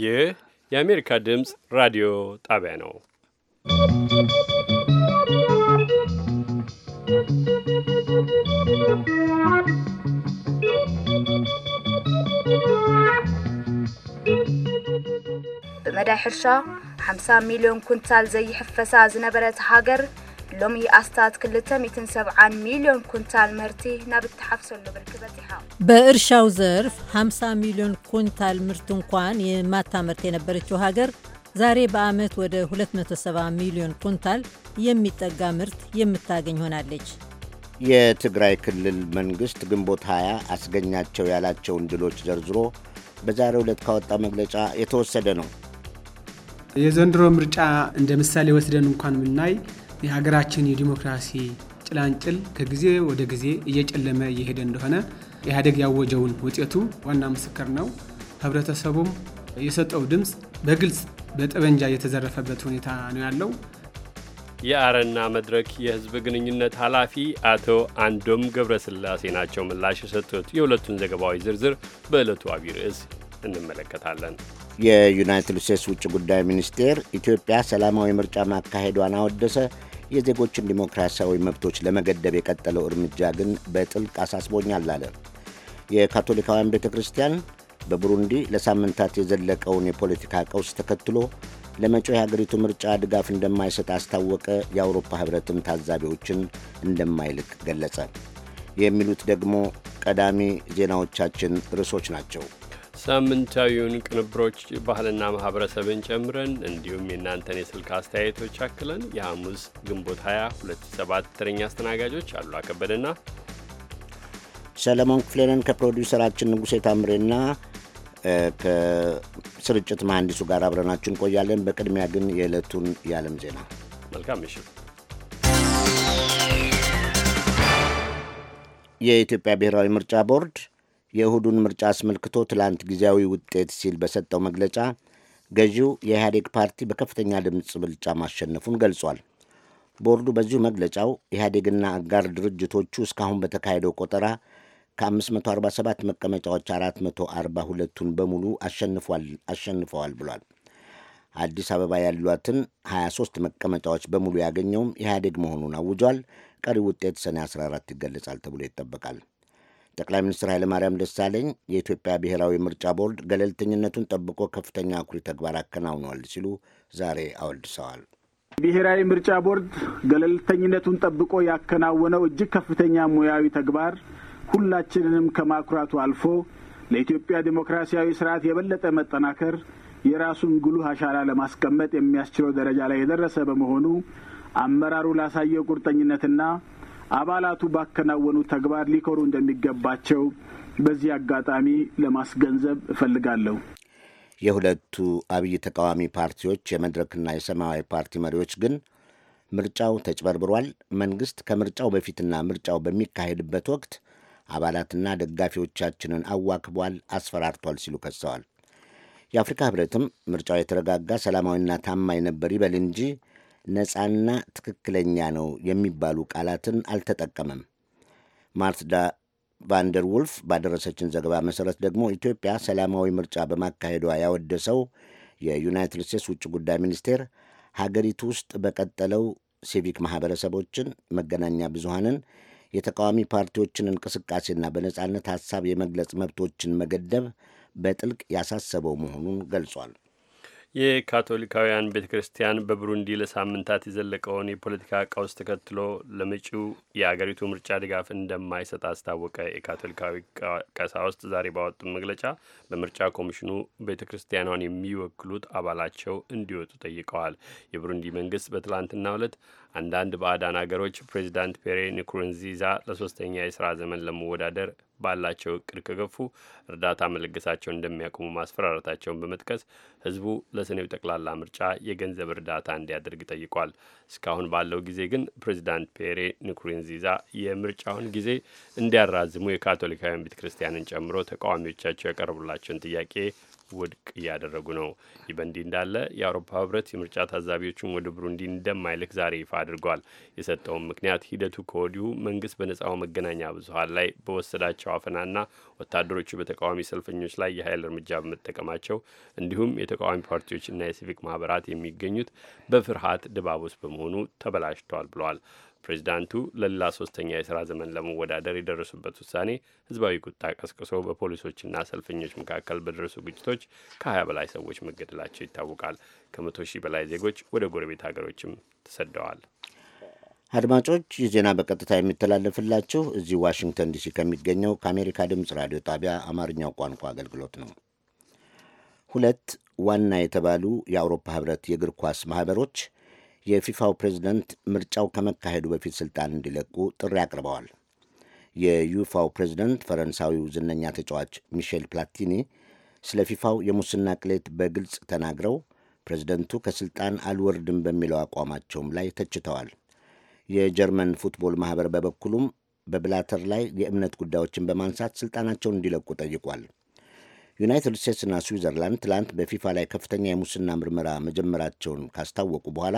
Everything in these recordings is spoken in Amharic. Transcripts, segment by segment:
ይህ የአሜሪካ ድምፅ ራዲዮ ጣቢያ ነው። ብመዳይ ሕርሻ 50 ሚሊዮን ኩንታል ዘይሕፈሳ ዝነበረት ሃገር ሎሚ ኣስታት 125 ሚልዮን ኩንታል ምህርቲ ናብ እትሓፍሰሉ ብርክ በፂሓ በእርሻው ዘርፍ 50 ሚልዮን ኩንታል ምርት እንኳን የማታ የማታመርት የነበረችው ሃገር ዛሬ በዓመት ወደ 270 ሚሊዮን ኩንታል የሚጠጋ ምርት የምታገኝ ሆናለች። የትግራይ ክልል መንግሥት ግንቦት 20 አስገኛቸው ያላቸውን ድሎች ዘርዝሮ በዛሬው ዕለት ካወጣ መግለጫ የተወሰደ ነው። የዘንድሮ ምርጫ እንደ ምሳሌ ወስደን እንኳን ምናይ የሀገራችን የዲሞክራሲ ጭላንጭል ከጊዜ ወደ ጊዜ እየጨለመ እየሄደ እንደሆነ ኢህአዴግ ያወጀውን ውጤቱ ዋና ምስክር ነው። ህብረተሰቡም የሰጠው ድምፅ በግልጽ በጠበንጃ የተዘረፈበት ሁኔታ ነው ያለው። የአረና መድረክ የህዝብ ግንኙነት ኃላፊ አቶ አንዶም ገብረስላሴ ናቸው ምላሽ የሰጡት። የሁለቱን ዘገባዎች ዝርዝር በዕለቱ አብይ ርዕስ እንመለከታለን። የዩናይትድ ስቴትስ ውጭ ጉዳይ ሚኒስቴር ኢትዮጵያ ሰላማዊ ምርጫ ማካሄዷን አወደሰ። የዜጎችን ዲሞክራሲያዊ መብቶች ለመገደብ የቀጠለው እርምጃ ግን በጥልቅ አሳስቦኛል አለ። የካቶሊካውያን ቤተ ክርስቲያን በቡሩንዲ ለሳምንታት የዘለቀውን የፖለቲካ ቀውስ ተከትሎ ለመጪው የሀገሪቱ ምርጫ ድጋፍ እንደማይሰጥ አስታወቀ። የአውሮፓ ሕብረትም ታዛቢዎችን እንደማይልክ ገለጸ። የሚሉት ደግሞ ቀዳሚ ዜናዎቻችን ርዕሶች ናቸው። ሳምንታዊውን ቅንብሮች ባህልና ማህበረሰብን ጨምረን እንዲሁም የእናንተን የስልክ አስተያየቶች አክለን የሐሙስ ግንቦት 20 27 ተረኛ አስተናጋጆች አሉ አከበደና ሰለሞን ክፍሌንን ከፕሮዲውሰራችን ንጉሴ ታምሬና ከስርጭት መሐንዲሱ ጋር አብረናችሁ እንቆያለን። በቅድሚያ ግን የዕለቱን የዓለም ዜና። መልካም ምሽት። የኢትዮጵያ ብሔራዊ ምርጫ ቦርድ የእሁዱን ምርጫ አስመልክቶ ትላንት ጊዜያዊ ውጤት ሲል በሰጠው መግለጫ ገዢው የኢህአዴግ ፓርቲ በከፍተኛ ድምፅ ብልጫ ማሸነፉን ገልጿል። ቦርዱ በዚሁ መግለጫው ኢህአዴግና አጋር ድርጅቶቹ እስካሁን በተካሄደው ቆጠራ ከ547 መቀመጫዎች 442ቱን በሙሉ አሸንፈዋል ብሏል። አዲስ አበባ ያሏትን 23 መቀመጫዎች በሙሉ ያገኘውም ኢህአዴግ መሆኑን አውጇል። ቀሪ ውጤት ሰኔ 14 ይገለጻል ተብሎ ይጠበቃል። ጠቅላይ ሚኒስትር ኃይለማርያም ደሳለኝ የኢትዮጵያ ብሔራዊ ምርጫ ቦርድ ገለልተኝነቱን ጠብቆ ከፍተኛ አኩሪ ተግባር አከናውኗል ሲሉ ዛሬ አወድሰዋል። ብሔራዊ ምርጫ ቦርድ ገለልተኝነቱን ጠብቆ ያከናወነው እጅግ ከፍተኛ ሙያዊ ተግባር ሁላችንንም ከማኩራቱ አልፎ ለኢትዮጵያ ዴሞክራሲያዊ ስርዓት የበለጠ መጠናከር የራሱን ጉልህ አሻራ ለማስቀመጥ የሚያስችለው ደረጃ ላይ የደረሰ በመሆኑ አመራሩ ላሳየው ቁርጠኝነትና አባላቱ ባከናወኑ ተግባር ሊኮሩ እንደሚገባቸው በዚህ አጋጣሚ ለማስገንዘብ እፈልጋለሁ። የሁለቱ አብይ ተቃዋሚ ፓርቲዎች የመድረክና የሰማያዊ ፓርቲ መሪዎች ግን ምርጫው ተጭበርብሯል፣ መንግሥት ከምርጫው በፊትና ምርጫው በሚካሄድበት ወቅት አባላትና ደጋፊዎቻችንን አዋክቧል፣ አስፈራርቷል ሲሉ ከሰዋል። የአፍሪካ ህብረትም ምርጫው የተረጋጋ ሰላማዊና ታማኝ ነበር ይበል እንጂ ነፃና ትክክለኛ ነው የሚባሉ ቃላትን አልተጠቀመም። ማርትዳ ቫንደር ውልፍ ባደረሰችን ዘገባ መሰረት ደግሞ ኢትዮጵያ ሰላማዊ ምርጫ በማካሄዷ ያወደሰው የዩናይትድ ስቴትስ ውጭ ጉዳይ ሚኒስቴር ሀገሪቱ ውስጥ በቀጠለው ሲቪክ ማህበረሰቦችን፣ መገናኛ ብዙሃንን፣ የተቃዋሚ ፓርቲዎችን እንቅስቃሴና በነጻነት ሐሳብ የመግለጽ መብቶችን መገደብ በጥልቅ ያሳሰበው መሆኑን ገልጿል። የካቶሊካውያን ቤተ ክርስቲያን በብሩንዲ ለሳምንታት የዘለቀውን የፖለቲካ ቀውስ ተከትሎ ለመጪው የአገሪቱ ምርጫ ድጋፍ እንደማይሰጥ አስታወቀ። የካቶሊካዊ ቀሳውስት ዛሬ ባወጡ መግለጫ በምርጫ ኮሚሽኑ ቤተ ክርስቲያኗን የሚወክሉት አባላቸው እንዲወጡ ጠይቀዋል። የብሩንዲ መንግስት በትላንትናው ዕለት አንዳንድ ባዕዳን አገሮች ፕሬዚዳንት ፔሬ ንኩሩንዚዛ ለሶስተኛ የስራ ዘመን ለመወዳደር ባላቸው እቅድ ከገፉ እርዳታ መለገሳቸውን እንደሚያቆሙ ማስፈራራታቸውን በመጥቀስ ህዝቡ ለሰኔው ጠቅላላ ምርጫ የገንዘብ እርዳታ እንዲያደርግ ጠይቋል። እስካሁን ባለው ጊዜ ግን ፕሬዚዳንት ፔሬ ንኩሩንዚዛ የምርጫውን ጊዜ እንዲያራዝሙ የካቶሊካውያን ቤተ ክርስቲያንን ጨምሮ ተቃዋሚዎቻቸው ያቀረቡላቸውን ጥያቄ ውድቅ እያደረጉ ነው። ይህ በእንዲህ እንዳለ የአውሮፓ ህብረት የምርጫ ታዛቢዎችን ወደ ብሩንዲ እንደማይልክ ዛሬ ይፋ አድርጓል። የሰጠውን ምክንያት ሂደቱ ከወዲሁ መንግስት በነጻው መገናኛ ብዙሀን ላይ በወሰዳቸው አፈናና ወታደሮቹ በተቃዋሚ ሰልፈኞች ላይ የኃይል እርምጃ በመጠቀማቸው እንዲሁም የተቃዋሚ ፓርቲዎችና የሲቪክ ማህበራት የሚገኙት በፍርሃት ድባብ ውስጥ በመሆኑ ተበላሽቷል ብለዋል። ፕሬዚዳንቱ ለሌላ ሶስተኛ የሥራ ዘመን ለመወዳደር የደረሱበት ውሳኔ ህዝባዊ ቁጣ ቀስቅሶ በፖሊሶችና ሰልፈኞች መካከል በደረሱ ግጭቶች ከ20 በላይ ሰዎች መገደላቸው ይታወቃል። ከመቶ ሺህ በላይ ዜጎች ወደ ጎረቤት ሀገሮችም ተሰደዋል። አድማጮች ይህ ዜና በቀጥታ የሚተላለፍላችሁ እዚህ ዋሽንግተን ዲሲ ከሚገኘው ከአሜሪካ ድምፅ ራዲዮ ጣቢያ አማርኛው ቋንቋ አገልግሎት ነው። ሁለት ዋና የተባሉ የአውሮፓ ህብረት የእግር ኳስ ማህበሮች። የፊፋው ፕሬዝደንት ምርጫው ከመካሄዱ በፊት ስልጣን እንዲለቁ ጥሪ አቅርበዋል። የዩፋው ፕሬዝደንት ፈረንሳዊው ዝነኛ ተጫዋች ሚሼል ፕላቲኒ ስለ ፊፋው የሙስና ቅሌት በግልጽ ተናግረው ፕሬዝደንቱ ከስልጣን አልወርድም በሚለው አቋማቸውም ላይ ተችተዋል። የጀርመን ፉትቦል ማኅበር በበኩሉም በብላተር ላይ የእምነት ጉዳዮችን በማንሳት ስልጣናቸውን እንዲለቁ ጠይቋል። ዩናይትድ ስቴትስና ስዊዘርላንድ ትላንት በፊፋ ላይ ከፍተኛ የሙስና ምርመራ መጀመራቸውን ካስታወቁ በኋላ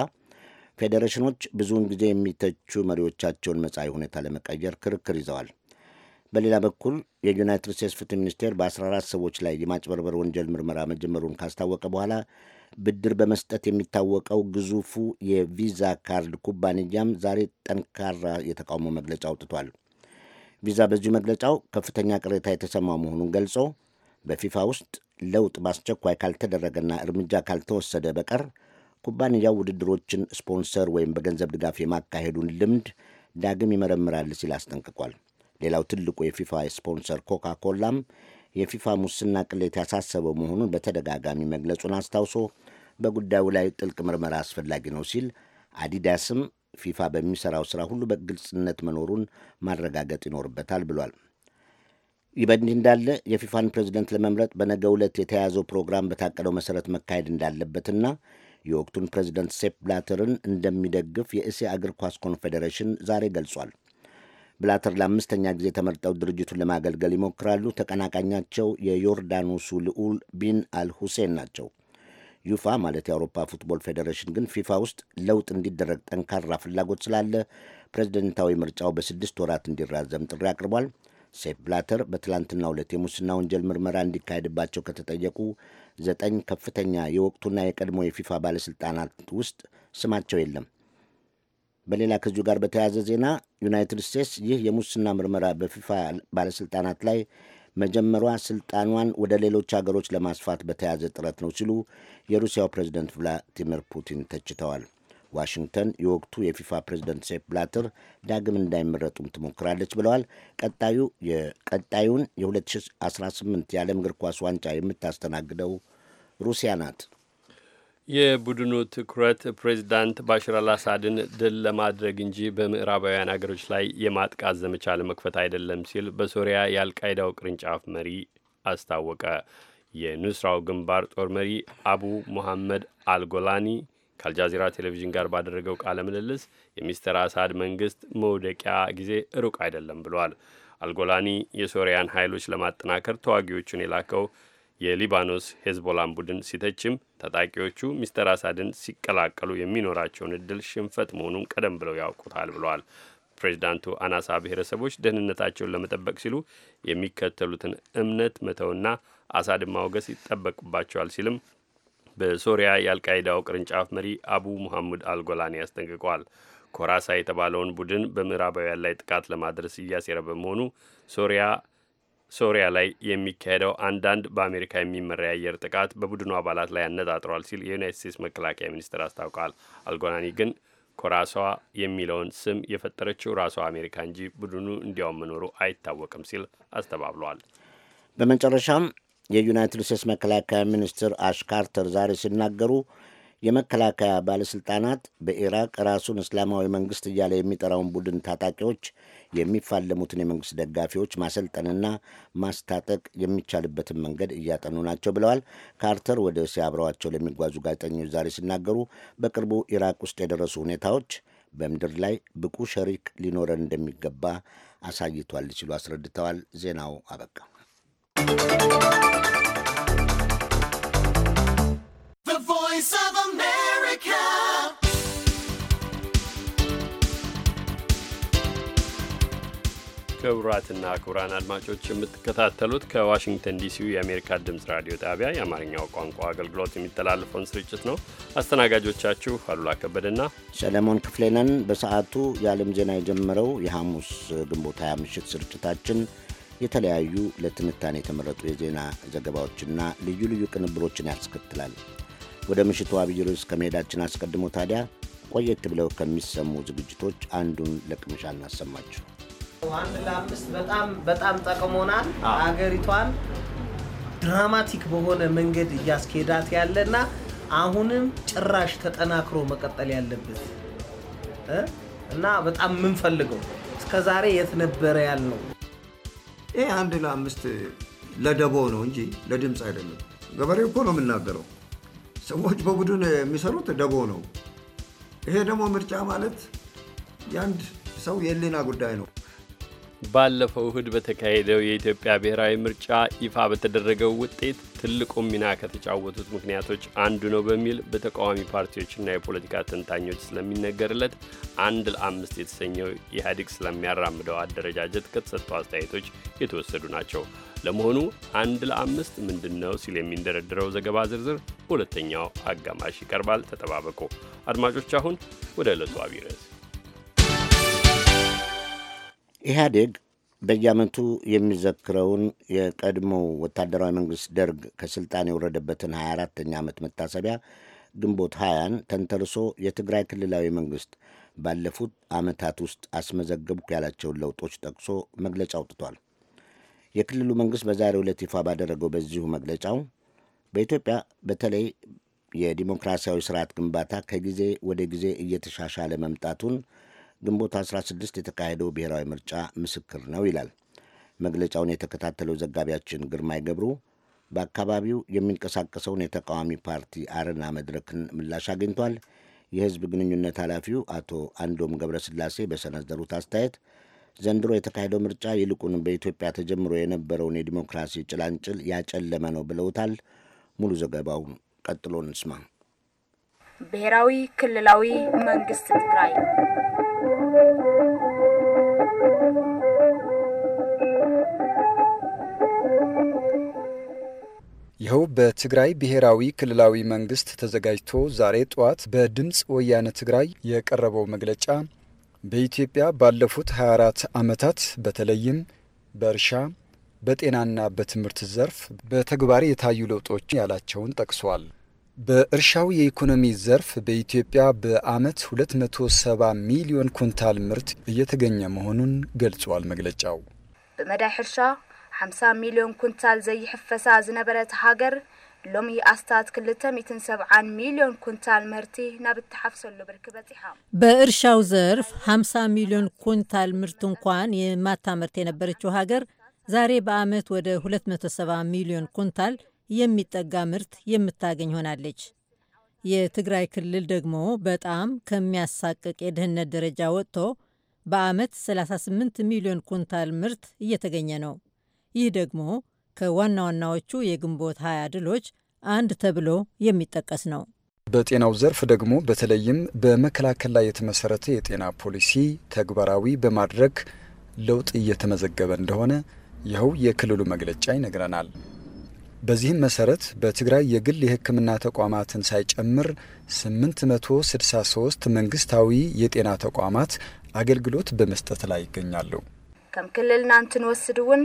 ፌዴሬሽኖች ብዙውን ጊዜ የሚተቹ መሪዎቻቸውን መጻኢ ሁኔታ ለመቀየር ክርክር ይዘዋል። በሌላ በኩል የዩናይትድ ስቴትስ ፍትህ ሚኒስቴር በ14 ሰዎች ላይ የማጭበርበር ወንጀል ምርመራ መጀመሩን ካስታወቀ በኋላ ብድር በመስጠት የሚታወቀው ግዙፉ የቪዛ ካርድ ኩባንያም ዛሬ ጠንካራ የተቃውሞ መግለጫ አውጥቷል። ቪዛ በዚሁ መግለጫው ከፍተኛ ቅሬታ የተሰማው መሆኑን ገልጾ በፊፋ ውስጥ ለውጥ በአስቸኳይ ካልተደረገና እርምጃ ካልተወሰደ በቀር ኩባንያው ውድድሮችን ስፖንሰር ወይም በገንዘብ ድጋፍ የማካሄዱን ልምድ ዳግም ይመረምራል ሲል አስጠንቅቋል። ሌላው ትልቁ የፊፋ ስፖንሰር ኮካ ኮላም የፊፋ ሙስና ቅሌት ያሳሰበው መሆኑን በተደጋጋሚ መግለጹን አስታውሶ በጉዳዩ ላይ ጥልቅ ምርመራ አስፈላጊ ነው ሲል አዲዳስም ፊፋ በሚሰራው ስራ ሁሉ በግልጽነት መኖሩን ማረጋገጥ ይኖርበታል ብሏል። ይህ በእንዲህ እንዳለ የፊፋን ፕሬዚደንት ለመምረጥ በነገ ዕለት የተያዘው ፕሮግራም በታቀደው መሰረት መካሄድ እንዳለበትና የወቅቱን ፕሬዚደንት ሴፕ ብላተርን እንደሚደግፍ የእስያ እግር ኳስ ኮንፌዴሬሽን ዛሬ ገልጿል። ብላተር ለአምስተኛ ጊዜ ተመርጠው ድርጅቱን ለማገልገል ይሞክራሉ። ተቀናቃኛቸው የዮርዳኖሱ ልዑል ቢን አልሁሴን ናቸው። ዩፋ ማለት የአውሮፓ ፉትቦል ፌዴሬሽን ግን ፊፋ ውስጥ ለውጥ እንዲደረግ ጠንካራ ፍላጎት ስላለ ፕሬዚደንታዊ ምርጫው በስድስት ወራት እንዲራዘም ጥሪ አቅርቧል። ሴፕ ብላተር በትላንትና ሁለት የሙስና ወንጀል ምርመራ እንዲካሄድባቸው ከተጠየቁ ዘጠኝ ከፍተኛ የወቅቱና የቀድሞ የፊፋ ባለሥልጣናት ውስጥ ስማቸው የለም። በሌላ ከዚሁ ጋር በተያያዘ ዜና ዩናይትድ ስቴትስ ይህ የሙስና ምርመራ በፊፋ ባለሥልጣናት ላይ መጀመሯ ስልጣኗን ወደ ሌሎች ሀገሮች ለማስፋት በተያዘ ጥረት ነው ሲሉ የሩሲያው ፕሬዚደንት ቭላዲሚር ፑቲን ተችተዋል። ዋሽንግተን የወቅቱ የፊፋ ፕሬዚደንት ሴፕ ብላተር ዳግም እንዳይመረጡም ትሞክራለች ብለዋል። ቀጣዩ የቀጣዩን የ2018 የዓለም እግር ኳስ ዋንጫ የምታስተናግደው ሩሲያ ናት። የቡድኑ ትኩረት ፕሬዚዳንት ባሽር አልአሳድን ድል ለማድረግ እንጂ በምዕራባውያን አገሮች ላይ የማጥቃት ዘመቻ ለመክፈት አይደለም ሲል በሶሪያ የአልቃይዳው ቅርንጫፍ መሪ አስታወቀ። የኑስራው ግንባር ጦር መሪ አቡ ሙሐመድ አልጎላኒ ከአልጃዚራ ቴሌቪዥን ጋር ባደረገው ቃለ ምልልስ የሚስተር አሳድ መንግስት መውደቂያ ጊዜ ሩቅ አይደለም ብሏል። አልጎላኒ የሶሪያን ኃይሎች ለማጠናከር ተዋጊዎቹን የላከው የሊባኖስ ሄዝቦላን ቡድን ሲተችም ታጣቂዎቹ ሚስተር አሳድን ሲቀላቀሉ የሚኖራቸውን እድል ሽንፈት መሆኑን ቀደም ብለው ያውቁታል ብለዋል። ፕሬዚዳንቱ አናሳ ብሔረሰቦች ደህንነታቸውን ለመጠበቅ ሲሉ የሚከተሉትን እምነት መተውና አሳድን ማውገስ ይጠበቅባቸዋል ሲልም በሶሪያ የአልቃይዳው ቅርንጫፍ መሪ አቡ ሙሐሙድ አልጎላኒ አስጠንቅቋል። ኮራሳ የተባለውን ቡድን በምዕራባውያን ላይ ጥቃት ለማድረስ እያሴረ በመሆኑ ሶሪያ ሶሪያ ላይ የሚካሄደው አንዳንድ በአሜሪካ የሚመራ የአየር ጥቃት በቡድኑ አባላት ላይ ያነጣጥሯል ሲል የዩናይት ስቴትስ መከላከያ ሚኒስትር አስታውቋል። አልጎናኒ ግን ኮራሷ የሚለውን ስም የፈጠረችው ራሷ አሜሪካ እንጂ ቡድኑ እንዲያውም መኖሩ አይታወቅም ሲል አስተባብሏል። በመጨረሻም የዩናይትድ ስቴትስ መከላከያ ሚኒስትር አሽ ካርተር ዛሬ ሲናገሩ የመከላከያ ባለሥልጣናት በኢራቅ ራሱን እስላማዊ መንግሥት እያለ የሚጠራውን ቡድን ታጣቂዎች የሚፋለሙትን የመንግሥት ደጋፊዎች ማሰልጠንና ማስታጠቅ የሚቻልበትን መንገድ እያጠኑ ናቸው ብለዋል። ካርተር ወደ እስያ አብረዋቸው ለሚጓዙ ጋዜጠኞች ዛሬ ሲናገሩ በቅርቡ ኢራቅ ውስጥ የደረሱ ሁኔታዎች በምድር ላይ ብቁ ሸሪክ ሊኖረን እንደሚገባ አሳይቷል ሲሉ አስረድተዋል። ዜናው አበቃ። ክቡራትና ክቡራን አድማጮች የምትከታተሉት ከዋሽንግተን ዲሲው የአሜሪካ ድምፅ ራዲዮ ጣቢያ የአማርኛው ቋንቋ አገልግሎት የሚተላለፈውን ስርጭት ነው። አስተናጋጆቻችሁ አሉላ ከበደና ሰለሞን ክፍሌ ነን። በሰዓቱ የዓለም ዜና የጀመረው የሐሙስ ግንቦት 20 ምሽት ስርጭታችን የተለያዩ ለትንታኔ የተመረጡ የዜና ዘገባዎችና ልዩ ልዩ ቅንብሮችን ያስከትላል። ወደ ምሽቱ አብይ ርዕስ ከመሄዳችን አስቀድሞ ታዲያ ቆየት ብለው ከሚሰሙ ዝግጅቶች አንዱን ለቅምሻ እናሰማችሁ። አንድ ለአምስት በጣም በጣም ጠቅሞናል። አገሪቷን ድራማቲክ በሆነ መንገድ እያስኬዳት ያለና አሁንም ጭራሽ ተጠናክሮ መቀጠል ያለበት እና በጣም የምንፈልገው እስከዛሬ የት ነበረ ያልነው ይሄ አንድ ለአምስት ለደቦ ነው እንጂ ለድምፅ አይደለም። ገበሬው እኮ ነው የምናገረው። ሰዎች በቡድን የሚሰሩት ደቦ ነው። ይሄ ደግሞ ምርጫ ማለት የአንድ ሰው የህሊና ጉዳይ ነው። ባለፈው እሁድ በተካሄደው የኢትዮጵያ ብሔራዊ ምርጫ ይፋ በተደረገው ውጤት ትልቁ ሚና ከተጫወቱት ምክንያቶች አንዱ ነው በሚል በተቃዋሚ ፓርቲዎችና የፖለቲካ ተንታኞች ስለሚነገርለት አንድ ለአምስት የተሰኘው ኢህአዴግ ስለሚያራምደው አደረጃጀት ከተሰጡ አስተያየቶች የተወሰዱ ናቸው። ለመሆኑ አንድ ለአምስት ምንድን ነው ሲል የሚንደረድረው ዘገባ ዝርዝር በሁለተኛው አጋማሽ ይቀርባል። ተጠባበቁ አድማጮች። አሁን ወደ ዕለቱ አብይ ርዕስ ኢህአዴግ በየዓመቱ የሚዘክረውን የቀድሞው ወታደራዊ መንግሥት ደርግ ከሥልጣን የወረደበትን 24ተኛ ዓመት መታሰቢያ ግንቦት 20ን ተንተርሶ የትግራይ ክልላዊ መንግሥት ባለፉት ዓመታት ውስጥ አስመዘገብኩ ያላቸውን ለውጦች ጠቅሶ መግለጫ አውጥቷል። የክልሉ መንግሥት በዛሬው ዕለት ይፋ ባደረገው በዚሁ መግለጫው በኢትዮጵያ በተለይ የዲሞክራሲያዊ ስርዓት ግንባታ ከጊዜ ወደ ጊዜ እየተሻሻለ መምጣቱን ግንቦት 16 የተካሄደው ብሔራዊ ምርጫ ምስክር ነው ይላል። መግለጫውን የተከታተለው ዘጋቢያችን ግርማይ ገብሩ በአካባቢው የሚንቀሳቀሰውን የተቃዋሚ ፓርቲ አረና መድረክን ምላሽ አግኝቷል። የህዝብ ግንኙነት ኃላፊው አቶ አንዶም ገብረስላሴ በሰነዘሩት አስተያየት ዘንድሮ የተካሄደው ምርጫ ይልቁን በኢትዮጵያ ተጀምሮ የነበረውን የዲሞክራሲ ጭላንጭል ያጨለመ ነው ብለውታል። ሙሉ ዘገባውን ቀጥሎ እንስማ። ብሔራዊ ክልላዊ መንግስት ትግራይ ይኸው በትግራይ ብሔራዊ ክልላዊ መንግስት ተዘጋጅቶ ዛሬ ጠዋት በድምፅ ወያነ ትግራይ የቀረበው መግለጫ በኢትዮጵያ ባለፉት 24 ዓመታት በተለይም በእርሻ በጤናና በትምህርት ዘርፍ በተግባር የታዩ ለውጦች ያላቸውን ጠቅሷል። በእርሻው የኢኮኖሚ ዘርፍ በኢትዮጵያ በዓመት 270 ሚሊዮን ኩንታል ምርት እየተገኘ መሆኑን ገልጿል። መግለጫው ብመዳይ ሕርሻ 50 ሚሊዮን ኩንታል ዘይሕፈሳ ዝነበረት ሃገር ሎሚ አስታት 270 ሚሊዮን ኩንታል ምህርቲ ናብ እትሓፍሰሉ ብርኪ በፂሓ በእርሻው ዘርፍ 50 ሚሊዮን ኩንታል ምርት እንኳን የማታመርት የነበረችው ሃገር ዛሬ በዓመት ወደ 270 ሚሊዮን ኩንታል የሚጠጋ ምርት የምታገኝ ሆናለች። የትግራይ ክልል ደግሞ በጣም ከሚያሳቅቅ የድህነት ደረጃ ወጥቶ በዓመት 38 ሚሊዮን ኩንታል ምርት እየተገኘ ነው። ይህ ደግሞ ከዋና ዋናዎቹ የግንቦት ሀያ ድሎች አንድ ተብሎ የሚጠቀስ ነው። በጤናው ዘርፍ ደግሞ በተለይም በመከላከል ላይ የተመሰረተ የጤና ፖሊሲ ተግባራዊ በማድረግ ለውጥ እየተመዘገበ እንደሆነ ይኸው የክልሉ መግለጫ ይነግረናል። በዚህም መሰረት በትግራይ የግል የሕክምና ተቋማትን ሳይጨምር 863 መንግስታዊ የጤና ተቋማት አገልግሎት በመስጠት ላይ ይገኛሉ። ከም ክልልና እንትንወስድ እውን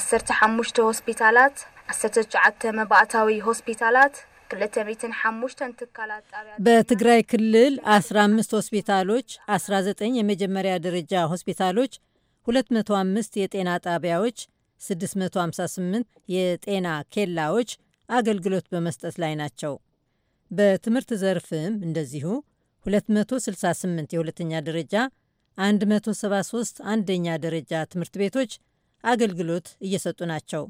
15 ሆስፒታላት 19 መባእታዊ ሆስፒታላት ትካላት በትግራይ ክልል 15 ሆስፒታሎች፣ 19 የመጀመሪያ ደረጃ ሆስፒታሎች፣ 205 የጤና ጣቢያዎች 658 የጤና ኬላዎች አገልግሎት በመስጠት ላይ ናቸው። በትምህርት ዘርፍም እንደዚሁ 268 የሁለተኛ ደረጃ፣ 173 አንደኛ ደረጃ ትምህርት ቤቶች አገልግሎት እየሰጡ ናቸው።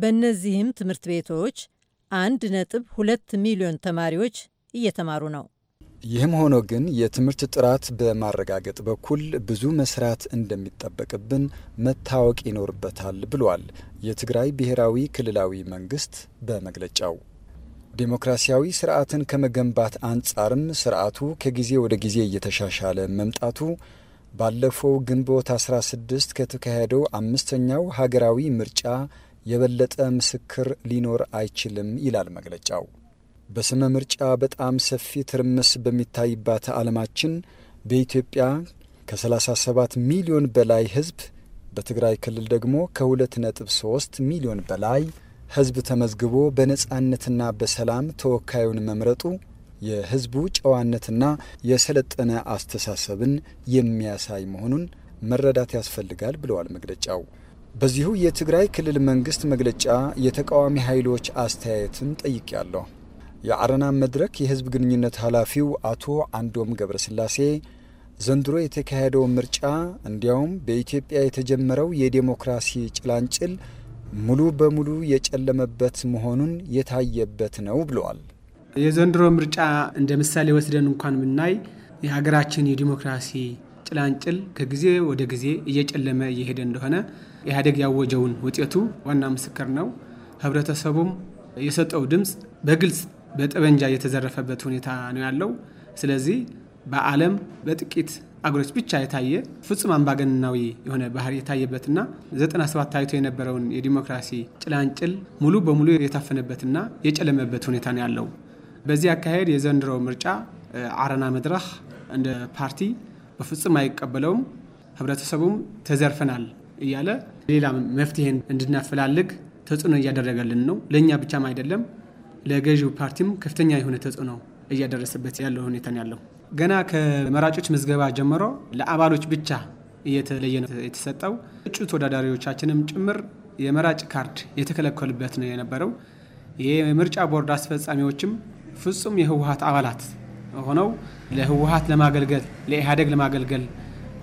በእነዚህም ትምህርት ቤቶች 1.2 ሚሊዮን ተማሪዎች እየተማሩ ነው። ይህም ሆኖ ግን የትምህርት ጥራት በማረጋገጥ በኩል ብዙ መስራት እንደሚጠበቅብን መታወቅ ይኖርበታል ብሏል የትግራይ ብሔራዊ ክልላዊ መንግስት በመግለጫው። ዴሞክራሲያዊ ስርዓትን ከመገንባት አንጻርም ስርዓቱ ከጊዜ ወደ ጊዜ እየተሻሻለ መምጣቱ ባለፈው ግንቦት 16 ከተካሄደው አምስተኛው ሀገራዊ ምርጫ የበለጠ ምስክር ሊኖር አይችልም ይላል መግለጫው። በስመ ምርጫ በጣም ሰፊ ትርምስ በሚታይባት ዓለማችን በኢትዮጵያ ከ37 ሚሊዮን በላይ ሕዝብ በትግራይ ክልል ደግሞ ከ2.3 ሚሊዮን በላይ ሕዝብ ተመዝግቦ በነጻነትና በሰላም ተወካዩን መምረጡ የሕዝቡ ጨዋነትና የሰለጠነ አስተሳሰብን የሚያሳይ መሆኑን መረዳት ያስፈልጋል ብለዋል መግለጫው። በዚሁ የትግራይ ክልል መንግስት መግለጫ የተቃዋሚ ኃይሎች አስተያየትን ጠይቄያለሁ። የአረና መድረክ የህዝብ ግንኙነት ኃላፊው አቶ አንዶም ገብረስላሴ ዘንድሮ የተካሄደው ምርጫ እንዲያውም በኢትዮጵያ የተጀመረው የዴሞክራሲ ጭላንጭል ሙሉ በሙሉ የጨለመበት መሆኑን የታየበት ነው ብለዋል። የዘንድሮ ምርጫ እንደ ምሳሌ ወስደን እንኳን ብናይ የሀገራችን የዲሞክራሲ ጭላንጭል ከጊዜ ወደ ጊዜ እየጨለመ እየሄደ እንደሆነ ኢህአዴግ ያወጀውን ውጤቱ ዋና ምስክር ነው። ህብረተሰቡም የሰጠው ድምፅ በግልጽ በጠመንጃ የተዘረፈበት ሁኔታ ነው ያለው። ስለዚህ በዓለም በጥቂት አገሮች ብቻ የታየ ፍጹም አምባገነናዊ የሆነ ባህሪ የታየበትና 97 ታይቶ የነበረውን የዲሞክራሲ ጭላንጭል ሙሉ በሙሉ የታፈነበትና የጨለመበት ሁኔታ ነው ያለው። በዚህ አካሄድ የዘንድሮ ምርጫ አረና መድረክ እንደ ፓርቲ በፍጹም አይቀበለውም። ህብረተሰቡም ተዘርፈናል እያለ ሌላ መፍትሄን እንድናፈላልግ ተጽዕኖ እያደረገልን ነው። ለእኛ ብቻም አይደለም ለገዢው ፓርቲም ከፍተኛ የሆነ ተጽዕኖ እያደረሰበት ያለው ሁኔታ ነው ያለው። ገና ከመራጮች ምዝገባ ጀምሮ ለአባሎች ብቻ እየተለየ ነው የተሰጠው። እጩ ተወዳዳሪዎቻችንም ጭምር የመራጭ ካርድ የተከለከሉበት ነው የነበረው። የምርጫ ቦርድ አስፈጻሚዎችም ፍጹም የህወሀት አባላት ሆነው ለህወሀት ለማገልገል ለኢህአዴግ ለማገልገል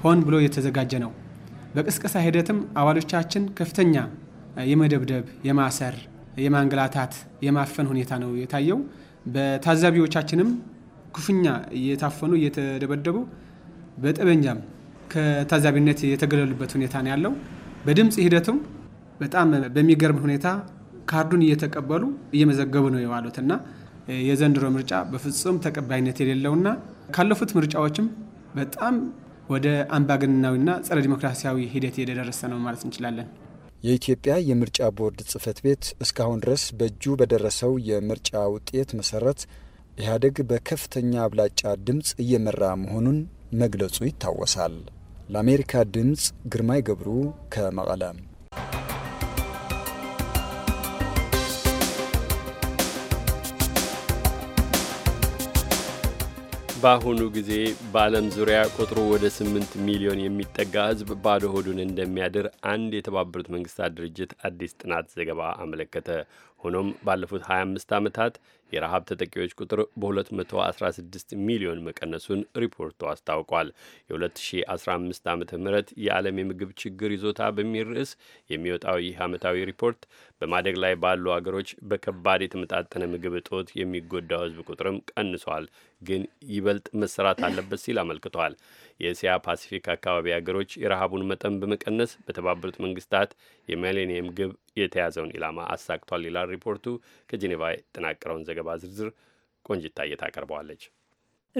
ሆን ብሎ የተዘጋጀ ነው። በቅስቀሳ ሂደትም አባሎቻችን ከፍተኛ የመደብደብ የማሰር የማንገላታት የማፈን ሁኔታ ነው የታየው። በታዛቢዎቻችንም ክፉኛ እየታፈኑ እየተደበደቡ በጠበንጃም ከታዛቢነት የተገለሉበት ሁኔታ ነው ያለው። በድምፅ ሂደቱም በጣም በሚገርም ሁኔታ ካርዱን እየተቀበሉ እየመዘገቡ ነው የዋሉት እና የዘንድሮ ምርጫ በፍጹም ተቀባይነት የሌለውና ካለፉት ምርጫዎችም በጣም ወደ አምባገነናዊና ጸረ ዲሞክራሲያዊ ሂደት እየደረሰ ነው ማለት እንችላለን። የኢትዮጵያ የምርጫ ቦርድ ጽህፈት ቤት እስካሁን ድረስ በእጁ በደረሰው የምርጫ ውጤት መሰረት ኢህአዴግ በከፍተኛ አብላጫ ድምፅ እየመራ መሆኑን መግለጹ ይታወሳል። ለአሜሪካ ድምፅ ግርማይ ገብሩ ከመቀለም። በአሁኑ ጊዜ በዓለም ዙሪያ ቁጥሩ ወደ ስምንት ሚሊዮን የሚጠጋ ሕዝብ ባዶ ሆዱን እንደሚያድር አንድ የተባበሩት መንግስታት ድርጅት አዲስ ጥናት ዘገባ አመለከተ። ሆኖም ባለፉት 25 ዓመታት የረሃብ ተጠቂዎች ቁጥር በ216 ሚሊዮን መቀነሱን ሪፖርቱ አስታውቋል። የ2015 ዓ ም የዓለም የምግብ ችግር ይዞታ በሚል ርዕስ የሚወጣው ይህ ዓመታዊ ሪፖርት በማደግ ላይ ባሉ አገሮች በከባድ የተመጣጠነ ምግብ እጦት የሚጎዳው ሕዝብ ቁጥርም ቀንሷል፣ ግን ይበልጥ መሰራት አለበት ሲል አመልክቷል። የእስያ ፓሲፊክ አካባቢ ሀገሮች የረሃቡን መጠን በመቀነስ በተባበሩት መንግስታት የሚሌኒየም ግብ የተያዘውን ኢላማ አሳክቷል ይላል ሪፖርቱ። ከጄኔቫ የተጠናቀረውን ዘገባ ዝርዝር ቆንጅታ እየታቀርበዋለች።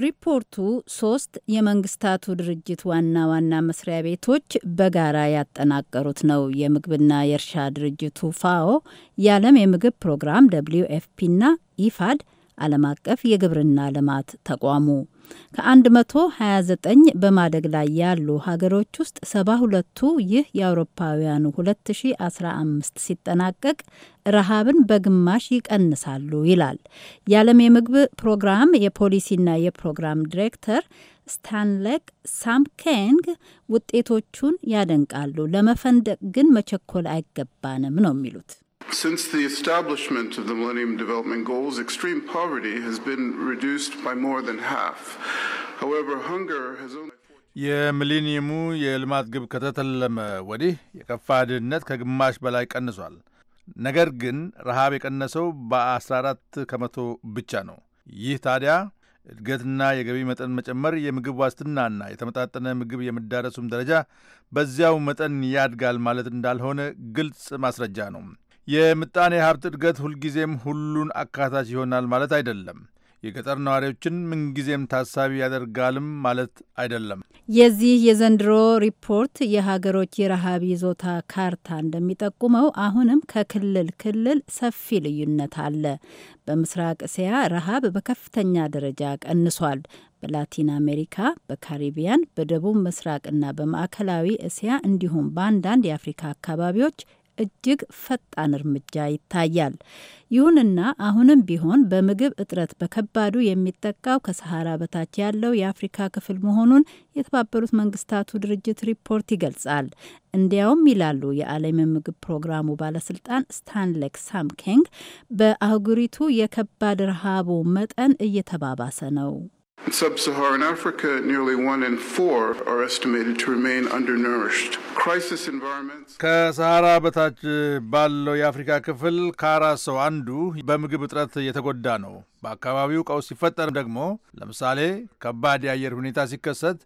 ሪፖርቱ ሶስት የመንግስታቱ ድርጅት ዋና ዋና መስሪያ ቤቶች በጋራ ያጠናቀሩት ነው። የምግብና የእርሻ ድርጅቱ ፋኦ፣ የዓለም የምግብ ፕሮግራም ደብልዩ ኤፍፒ ና ኢፋድ፣ ዓለም አቀፍ የግብርና ልማት ተቋሙ ከ129 በማደግ ላይ ያሉ ሀገሮች ውስጥ 72ቱ ይህ የአውሮፓውያኑ 2015 ሲጠናቀቅ ረሃብን በግማሽ ይቀንሳሉ ይላል የዓለም የምግብ ፕሮግራም የፖሊሲና የፕሮግራም ዲሬክተር ስታንሌክ ሳምኬንግ ውጤቶቹን ያደንቃሉ። ለመፈንደቅ ግን መቸኮል አይገባንም ነው የሚሉት። Since the establishment of the Millennium Development Goals, extreme poverty has been reduced by more than half. However, hunger has only የሚሊኒየሙ የልማት ግብ ከተተለመ ወዲህ የከፋ ድህነት ከግማሽ በላይ ቀንሷል። ነገር ግን ረሃብ የቀነሰው በ14 ከመቶ ብቻ ነው። ይህ ታዲያ እድገትና የገቢ መጠን መጨመር፣ የምግብ ዋስትናና የተመጣጠነ ምግብ የመዳረሱም ደረጃ በዚያው መጠን ያድጋል ማለት እንዳልሆነ ግልጽ ማስረጃ ነው። የምጣኔ ሀብት እድገት ሁልጊዜም ሁሉን አካታች ይሆናል ማለት አይደለም። የገጠር ነዋሪዎችን ምንጊዜም ታሳቢ ያደርጋልም ማለት አይደለም። የዚህ የዘንድሮ ሪፖርት የሀገሮች የረሃብ ይዞታ ካርታ እንደሚጠቁመው አሁንም ከክልል ክልል ሰፊ ልዩነት አለ። በምስራቅ እስያ ረሃብ በከፍተኛ ደረጃ ቀንሷል። በላቲን አሜሪካ፣ በካሪቢያን፣ በደቡብ ምስራቅና በማዕከላዊ እስያ እንዲሁም በአንዳንድ የአፍሪካ አካባቢዎች እጅግ ፈጣን እርምጃ ይታያል። ይሁንና አሁንም ቢሆን በምግብ እጥረት በከባዱ የሚጠቃው ከሰሃራ በታች ያለው የአፍሪካ ክፍል መሆኑን የተባበሩት መንግስታቱ ድርጅት ሪፖርት ይገልጻል። እንዲያውም ይላሉ የዓለም የምግብ ፕሮግራሙ ባለስልጣን ስታንሌክ ሳምኬንግ፣ በአህጉሪቱ የከባድ ረሃቡ መጠን እየተባባሰ ነው። In sub Saharan Africa, nearly one in four are estimated to remain undernourished. Crisis environments. ከሰሃራ በታች ባለው የአፍሪካ ክፍል ከአራት ሰው አንዱ በምግብ እጥረት የተጎዳ ነው። በአካባቢው ቀውስ ሲፈጠር ደግሞ ለምሳሌ ከባድ የአየር ሁኔታ ሲከሰት፣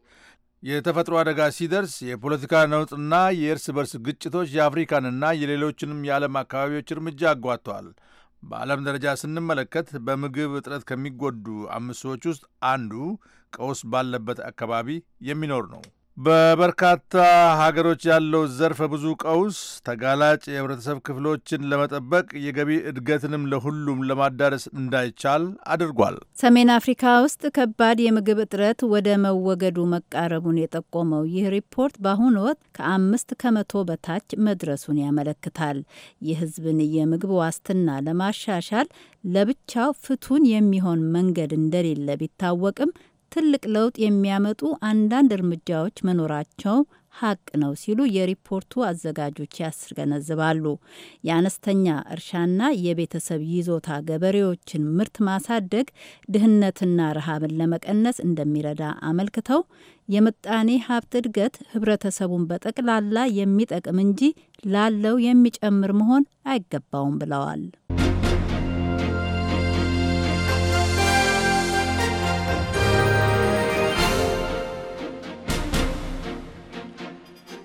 የተፈጥሮ አደጋ ሲደርስ፣ የፖለቲካ ነውጥና የእርስ በርስ ግጭቶች የአፍሪካንና የሌሎችንም የዓለም አካባቢዎች እርምጃ አጓተዋል። በዓለም ደረጃ ስንመለከት በምግብ እጥረት ከሚጎዱ አምስት ሰዎች ውስጥ አንዱ ቀውስ ባለበት አካባቢ የሚኖር ነው። በበርካታ ሀገሮች ያለው ዘርፈ ብዙ ቀውስ ተጋላጭ የህብረተሰብ ክፍሎችን ለመጠበቅ የገቢ እድገትንም ለሁሉም ለማዳረስ እንዳይቻል አድርጓል። ሰሜን አፍሪካ ውስጥ ከባድ የምግብ እጥረት ወደ መወገዱ መቃረቡን የጠቆመው ይህ ሪፖርት በአሁኑ ወቅት ከአምስት ከመቶ በታች መድረሱን ያመለክታል። የህዝብን የምግብ ዋስትና ለማሻሻል ለብቻው ፍቱን የሚሆን መንገድ እንደሌለ ቢታወቅም ትልቅ ለውጥ የሚያመጡ አንዳንድ እርምጃዎች መኖራቸው ሀቅ ነው ሲሉ የሪፖርቱ አዘጋጆች ያስገነዝባሉ። የአነስተኛ እርሻና የቤተሰብ ይዞታ ገበሬዎችን ምርት ማሳደግ ድህነትና ረሃብን ለመቀነስ እንደሚረዳ አመልክተው የምጣኔ ሀብት እድገት ህብረተሰቡን በጠቅላላ የሚጠቅም እንጂ ላለው የሚጨምር መሆን አይገባውም ብለዋል።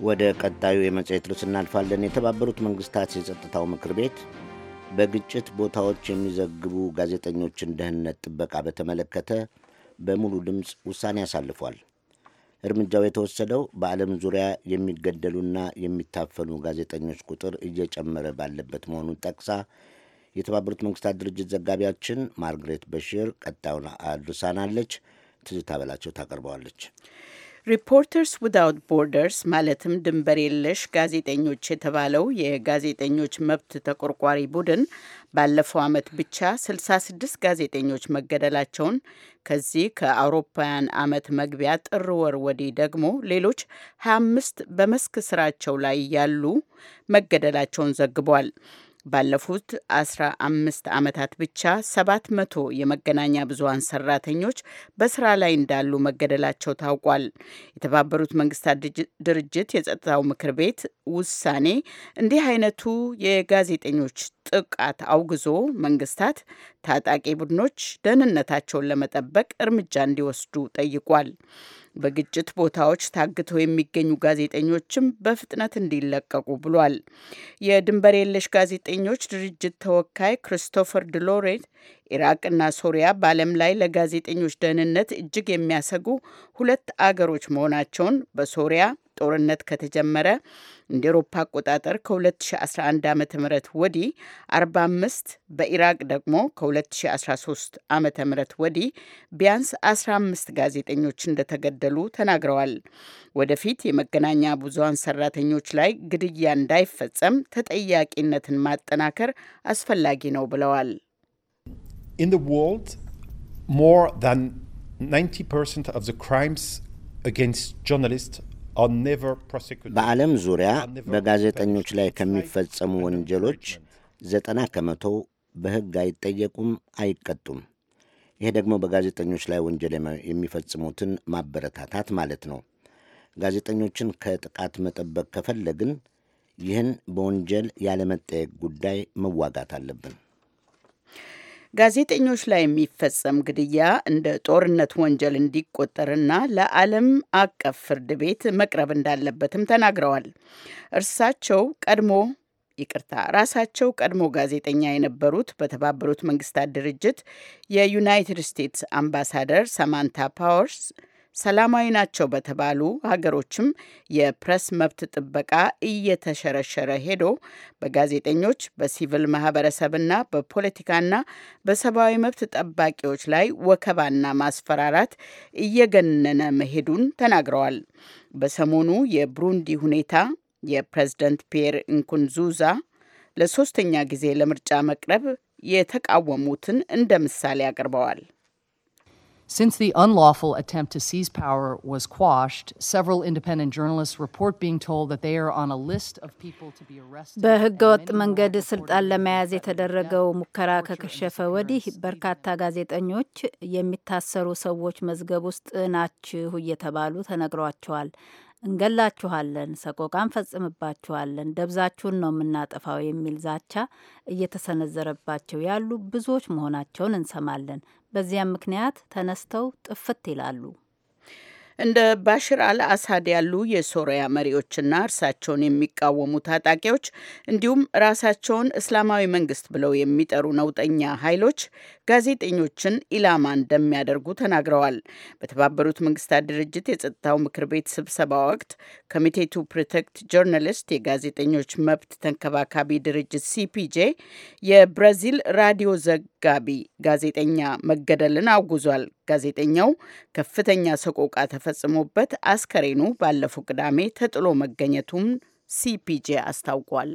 ወደ ቀጣዩ የመጽሔት ርዕስ እናልፋለን። የተባበሩት መንግስታት የጸጥታው ምክር ቤት በግጭት ቦታዎች የሚዘግቡ ጋዜጠኞችን ደህንነት ጥበቃ በተመለከተ በሙሉ ድምፅ ውሳኔ አሳልፏል። እርምጃው የተወሰደው በዓለም ዙሪያ የሚገደሉና የሚታፈኑ ጋዜጠኞች ቁጥር እየጨመረ ባለበት መሆኑን ጠቅሳ የተባበሩት መንግስታት ድርጅት ዘጋቢያችን ማርግሬት በሽር ቀጣዩን አድርሳናለች። ትዝታ በላቸው ታቀርበዋለች። ሪፖርተርስ ዊዛውት ቦርደርስ ማለትም ድንበር የለሽ ጋዜጠኞች የተባለው የጋዜጠኞች መብት ተቆርቋሪ ቡድን ባለፈው ዓመት ብቻ 66 ጋዜጠኞች መገደላቸውን ከዚህ ከአውሮፓውያን ዓመት መግቢያ ጥር ወር ወዲህ ደግሞ ሌሎች 25 በመስክ ስራቸው ላይ ያሉ መገደላቸውን ዘግቧል። ባለፉት አስራ አምስት ዓመታት ብቻ ሰባት መቶ የመገናኛ ብዙሀን ሰራተኞች በስራ ላይ እንዳሉ መገደላቸው ታውቋል። የተባበሩት መንግስታት ድርጅት የጸጥታው ምክር ቤት ውሳኔ እንዲህ አይነቱ የጋዜጠኞች ጥቃት አውግዞ መንግስታት ታጣቂ ቡድኖች ደህንነታቸውን ለመጠበቅ እርምጃ እንዲወስዱ ጠይቋል። በግጭት ቦታዎች ታግተው የሚገኙ ጋዜጠኞችም በፍጥነት እንዲለቀቁ ብሏል። የድንበር የለሽ ጋዜጠኞች ድርጅት ተወካይ ክርስቶፈር ድሎሬት ኢራቅና ሶሪያ በዓለም ላይ ለጋዜጠኞች ደህንነት እጅግ የሚያሰጉ ሁለት አገሮች መሆናቸውን በሶሪያ ጦርነት ከተጀመረ እንደ ኤሮፓ አቆጣጠር ከ2011 ዓ ም ወዲህ 45 በኢራቅ ደግሞ ከ2013 ዓ ም ወዲህ ቢያንስ 15 ጋዜጠኞች እንደተገደሉ ተናግረዋል። ወደፊት የመገናኛ ብዙሀን ሰራተኞች ላይ ግድያ እንዳይፈጸም ተጠያቂነትን ማጠናከር አስፈላጊ ነው ብለዋል። In the world, more than 90% of the crimes against journalists በዓለም ዙሪያ በጋዜጠኞች ላይ ከሚፈጸሙ ወንጀሎች ዘጠና ከመቶው በሕግ አይጠየቁም፣ አይቀጡም። ይሄ ደግሞ በጋዜጠኞች ላይ ወንጀል የሚፈጽሙትን ማበረታታት ማለት ነው። ጋዜጠኞችን ከጥቃት መጠበቅ ከፈለግን ይህን በወንጀል ያለመጠየቅ ጉዳይ መዋጋት አለብን። ጋዜጠኞች ላይ የሚፈጸም ግድያ እንደ ጦርነት ወንጀል እንዲቆጠርና ለዓለም አቀፍ ፍርድ ቤት መቅረብ እንዳለበትም ተናግረዋል። እርሳቸው ቀድሞ ይቅርታ ራሳቸው ቀድሞ ጋዜጠኛ የነበሩት በተባበሩት መንግስታት ድርጅት የዩናይትድ ስቴትስ አምባሳደር ሳማንታ ፓወርስ ሰላማዊ ናቸው በተባሉ ሀገሮችም የፕሬስ መብት ጥበቃ እየተሸረሸረ ሄዶ በጋዜጠኞች በሲቪል ማህበረሰብና በፖለቲካና በሰብአዊ መብት ጠባቂዎች ላይ ወከባና ማስፈራራት እየገነነ መሄዱን ተናግረዋል። በሰሞኑ የብሩንዲ ሁኔታ የፕሬዝደንት ፒየር እንኩንዙዛ ለሶስተኛ ጊዜ ለምርጫ መቅረብ የተቃወሙትን እንደ ምሳሌ አቅርበዋል። Since the unlawful attempt to seize power was quashed, several independent journalists report being told that they are on a list of people to be arrested. በህገወጥ መንገድ ስልጣን ለመያዝ የተደረገው ሙከራ ከከሸፈ ወዲህ በርካታ ጋዜጠኞች የሚታሰሩ ሰዎች መዝገብ ውስጥ ናችሁ እየተባሉ ተነግሯቸዋል። እንገላችኋለን፣ ሰቆቃ እንፈጽምባችኋለን፣ ደብዛችሁን ነው የምናጠፋው የሚል ዛቻ እየተሰነዘረባቸው ያሉ ብዙዎች መሆናቸውን እንሰማለን። በዚያም ምክንያት ተነስተው ጥፍት ይላሉ። እንደ ባሽር አልአሳድ ያሉ የሶሪያ መሪዎችና እርሳቸውን የሚቃወሙ ታጣቂዎች እንዲሁም ራሳቸውን እስላማዊ መንግስት ብለው የሚጠሩ ነውጠኛ ኃይሎች ጋዜጠኞችን ኢላማ እንደሚያደርጉ ተናግረዋል። በተባበሩት መንግስታት ድርጅት የጸጥታው ምክር ቤት ስብሰባ ወቅት ኮሚቴ ቱ ፕሮቴክት ጆርናሊስት የጋዜጠኞች መብት ተንከባካቢ ድርጅት ሲፒጄ የብራዚል ራዲዮ ዘጋቢ ጋዜጠኛ መገደልን አውጉዟል። ጋዜጠኛው ከፍተኛ ሰቆቃ ተፈጽሞበት አስከሬኑ ባለፈው ቅዳሜ ተጥሎ መገኘቱም ሲፒጄ አስታውቋል።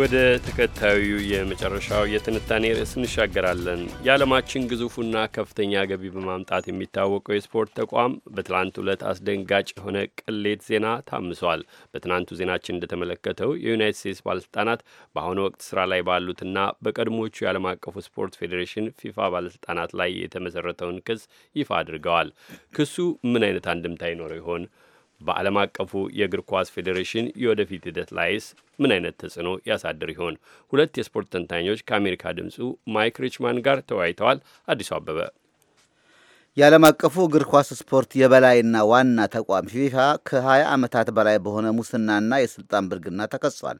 ወደ ተከታዩ የመጨረሻው የትንታኔ ርዕስ እንሻገራለን። የዓለማችን ግዙፉና ከፍተኛ ገቢ በማምጣት የሚታወቀው የስፖርት ተቋም በትላንት ዕለት አስደንጋጭ የሆነ ቅሌት ዜና ታምሷል። በትናንቱ ዜናችን እንደተመለከተው የዩናይት ስቴትስ ባለሥልጣናት በአሁኑ ወቅት ስራ ላይ ባሉትና በቀድሞቹ የዓለም አቀፉ ስፖርት ፌዴሬሽን ፊፋ ባለሥልጣናት ላይ የተመሠረተውን ክስ ይፋ አድርገዋል። ክሱ ምን አይነት አንድምታ ይኖረው ይሆን? በዓለም አቀፉ የእግር ኳስ ፌዴሬሽን የወደፊት ሂደት ላይስ ምን አይነት ተጽዕኖ ያሳድር ይሆን? ሁለት የስፖርት ተንታኞች ከአሜሪካ ድምፁ ማይክ ሪችማን ጋር ተወያይተዋል። አዲሱ አበበ የዓለም አቀፉ እግር ኳስ ስፖርት የበላይና ዋና ተቋም ፊፋ ከ20 ዓመታት በላይ በሆነ ሙስናና የሥልጣን ብልግና ተከሷል።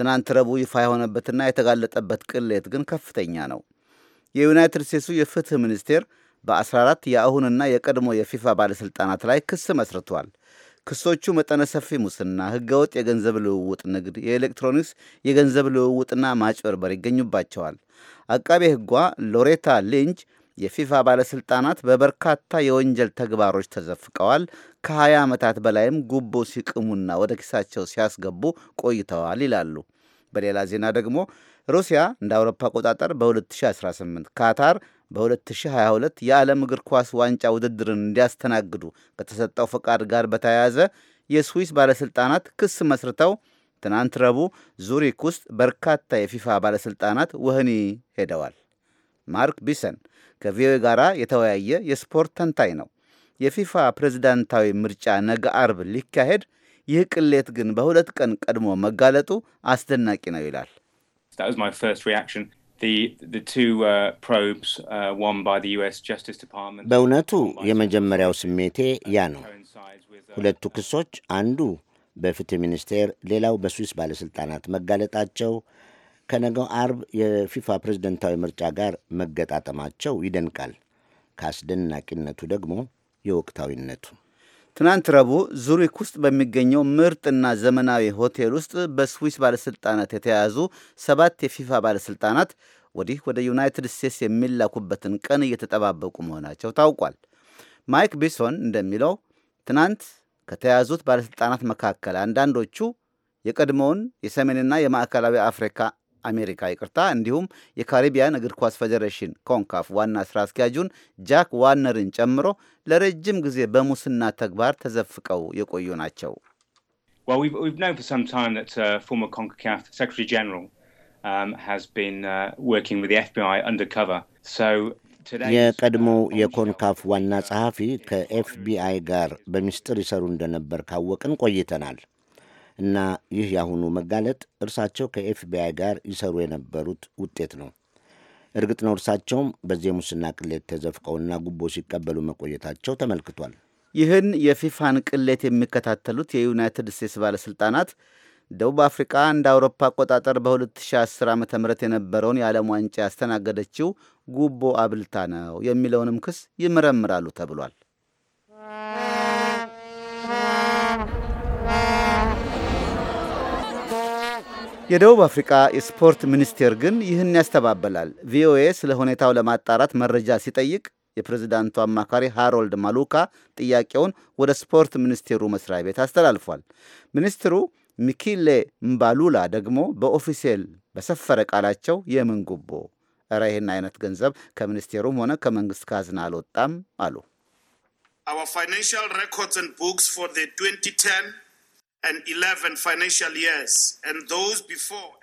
ትናንት ረቡዕ ይፋ የሆነበትና የተጋለጠበት ቅሌት ግን ከፍተኛ ነው። የዩናይትድ ስቴትሱ የፍትህ ሚኒስቴር በ14 የአሁንና የቀድሞ የፊፋ ባለሥልጣናት ላይ ክስ መስርቷል። ክሶቹ መጠነ ሰፊ ሙስና፣ ህገወጥ የገንዘብ ልውውጥ ንግድ፣ የኤሌክትሮኒክስ የገንዘብ ልውውጥና ማጭበርበር ይገኙባቸዋል። አቃቤ ህጓ ሎሬታ ሊንች የፊፋ ባለሥልጣናት በበርካታ የወንጀል ተግባሮች ተዘፍቀዋል፣ ከ20 ዓመታት በላይም ጉቦ ሲቅሙና ወደ ኪሳቸው ሲያስገቡ ቆይተዋል ይላሉ። በሌላ ዜና ደግሞ ሩሲያ እንደ አውሮፓ አቆጣጠር በ2018 ካታር በ2022 የዓለም እግር ኳስ ዋንጫ ውድድርን እንዲያስተናግዱ ከተሰጠው ፈቃድ ጋር በተያያዘ የስዊስ ባለሥልጣናት ክስ መስርተው ትናንት ረቡዕ ዙሪክ ውስጥ በርካታ የፊፋ ባለሥልጣናት ወህኒ ሄደዋል። ማርክ ቢሰን ከቪኦኤ ጋር የተወያየ የስፖርት ተንታኝ ነው። የፊፋ ፕሬዝዳንታዊ ምርጫ ነገ አርብ ሊካሄድ፣ ይህ ቅሌት ግን በሁለት ቀን ቀድሞ መጋለጡ አስደናቂ ነው ይላል። Uh, uh, በእውነቱ የመጀመሪያው ስሜቴ ያ ነው። uh, ሁለቱ ክሶች አንዱ በፍትህ ሚኒስቴር፣ ሌላው በስዊስ ባለሥልጣናት መጋለጣቸው ከነገው አርብ የፊፋ ፕሬዝደንታዊ ምርጫ ጋር መገጣጠማቸው ይደንቃል። ከአስደናቂነቱ ደግሞ የወቅታዊነቱ ትናንት ረቡዕ ዙሪክ ውስጥ በሚገኘው ምርጥና ዘመናዊ ሆቴል ውስጥ በስዊስ ባለሥልጣናት የተያዙ ሰባት የፊፋ ባለሥልጣናት ወዲህ ወደ ዩናይትድ ስቴትስ የሚላኩበትን ቀን እየተጠባበቁ መሆናቸው ታውቋል። ማይክ ቢሶን እንደሚለው ትናንት ከተያዙት ባለሥልጣናት መካከል አንዳንዶቹ የቀድሞውን የሰሜንና የማዕከላዊ አፍሪካ አሜሪካ ይቅርታ፣ እንዲሁም የካሪቢያን እግር ኳስ ፌዴሬሽን ኮንካፍ ዋና ስራ አስኪያጁን ጃክ ዋነርን ጨምሮ ለረጅም ጊዜ በሙስና ተግባር ተዘፍቀው የቆዩ ናቸው። የቀድሞው የኮንካፍ ዋና ጸሐፊ ከኤፍቢአይ ጋር በምስጢር ይሰሩ እንደነበር ካወቅን ቆይተናል። እና ይህ የአሁኑ መጋለጥ እርሳቸው ከኤፍቢአይ ጋር ይሰሩ የነበሩት ውጤት ነው። እርግጥ ነው እርሳቸውም በዚህ የሙስና ቅሌት ተዘፍቀውና ጉቦ ሲቀበሉ መቆየታቸው ተመልክቷል። ይህን የፊፋን ቅሌት የሚከታተሉት የዩናይትድ ስቴትስ ባለሥልጣናት ደቡብ አፍሪቃ እንደ አውሮፓ አቆጣጠር በ2010 ዓ ም የነበረውን የዓለም ዋንጫ ያስተናገደችው ጉቦ አብልታ ነው የሚለውንም ክስ ይመረምራሉ ተብሏል። የደቡብ አፍሪካ የስፖርት ሚኒስቴር ግን ይህን ያስተባበላል። ቪኦኤ ስለ ሁኔታው ለማጣራት መረጃ ሲጠይቅ የፕሬዝዳንቱ አማካሪ ሃሮልድ ማሉካ ጥያቄውን ወደ ስፖርት ሚኒስቴሩ መስሪያ ቤት አስተላልፏል። ሚኒስትሩ ሚኪሌ ምባሉላ ደግሞ በኦፊሴል በሰፈረ ቃላቸው የምን ጉቦ እረ ይህን አይነት ገንዘብ ከሚኒስቴሩም ሆነ ከመንግስት ካዝና አልወጣም አሉ።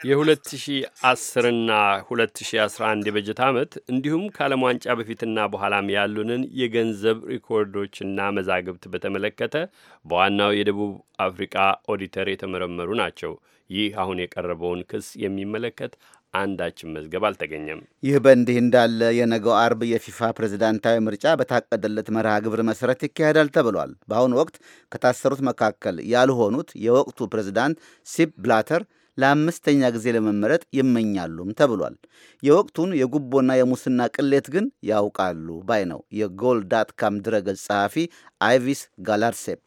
የ2010 እና 2011 የበጀት ዓመት እንዲሁም ከዓለም ዋንጫ በፊትና በኋላም ያሉንን የገንዘብ ሪኮርዶችና መዛግብት በተመለከተ በዋናው የደቡብ አፍሪቃ ኦዲተር የተመረመሩ ናቸው። ይህ አሁን የቀረበውን ክስ የሚመለከት አንዳችም መዝገብ አልተገኘም። ይህ በእንዲህ እንዳለ የነገው አርብ የፊፋ ፕሬዝዳንታዊ ምርጫ በታቀደለት መርሃ ግብር መሠረት ይካሄዳል ተብሏል። በአሁኑ ወቅት ከታሰሩት መካከል ያልሆኑት የወቅቱ ፕሬዝዳንት ሲፕ ብላተር ለአምስተኛ ጊዜ ለመመረጥ ይመኛሉም ተብሏል። የወቅቱን የጉቦና የሙስና ቅሌት ግን ያውቃሉ ባይ ነው የጎል ዳት ካም ድረገጽ ጸሐፊ አይቪስ ጋላርሴፕ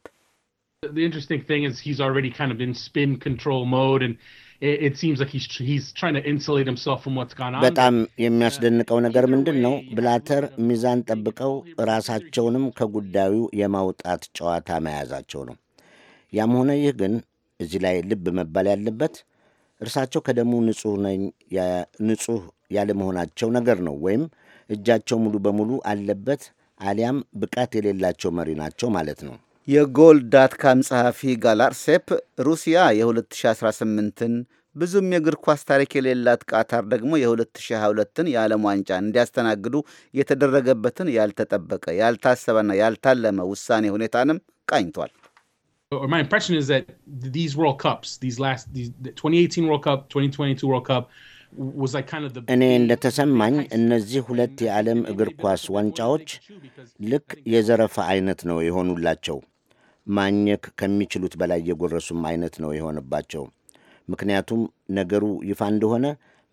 it seems like he's he's trying to insulate himself from what's gone on በጣም የሚያስደንቀው ነገር ምንድን ነው ብላተር ሚዛን ጠብቀው ራሳቸውንም ከጉዳዩ የማውጣት ጨዋታ መያዛቸው ነው። ያም ሆነ ይህ ግን እዚህ ላይ ልብ መባል ያለበት እርሳቸው ከደሙ ንጹሕ ያለመሆናቸው ነገር ነው። ወይም እጃቸው ሙሉ በሙሉ አለበት አሊያም ብቃት የሌላቸው መሪ ናቸው ማለት ነው። የጎል ዳትካም ጸሐፊ ጋላርሴፕ ሩሲያ የ2018ን ብዙም የእግር ኳስ ታሪክ የሌላት ቃታር ደግሞ የ2022ን የዓለም ዋንጫ እንዲያስተናግዱ የተደረገበትን ያልተጠበቀ ያልታሰበና ያልታለመ ውሳኔ ሁኔታንም ቃኝቷል። My impression is that these World Cups, these last, these, the 2018 World Cup, 2022 World Cup, እኔ እንደተሰማኝ እነዚህ ሁለት የዓለም እግር ኳስ ዋንጫዎች ልክ የዘረፋ አይነት ነው የሆኑላቸው። ማኘክ ከሚችሉት በላይ የጎረሱም አይነት ነው የሆነባቸው። ምክንያቱም ነገሩ ይፋ እንደሆነ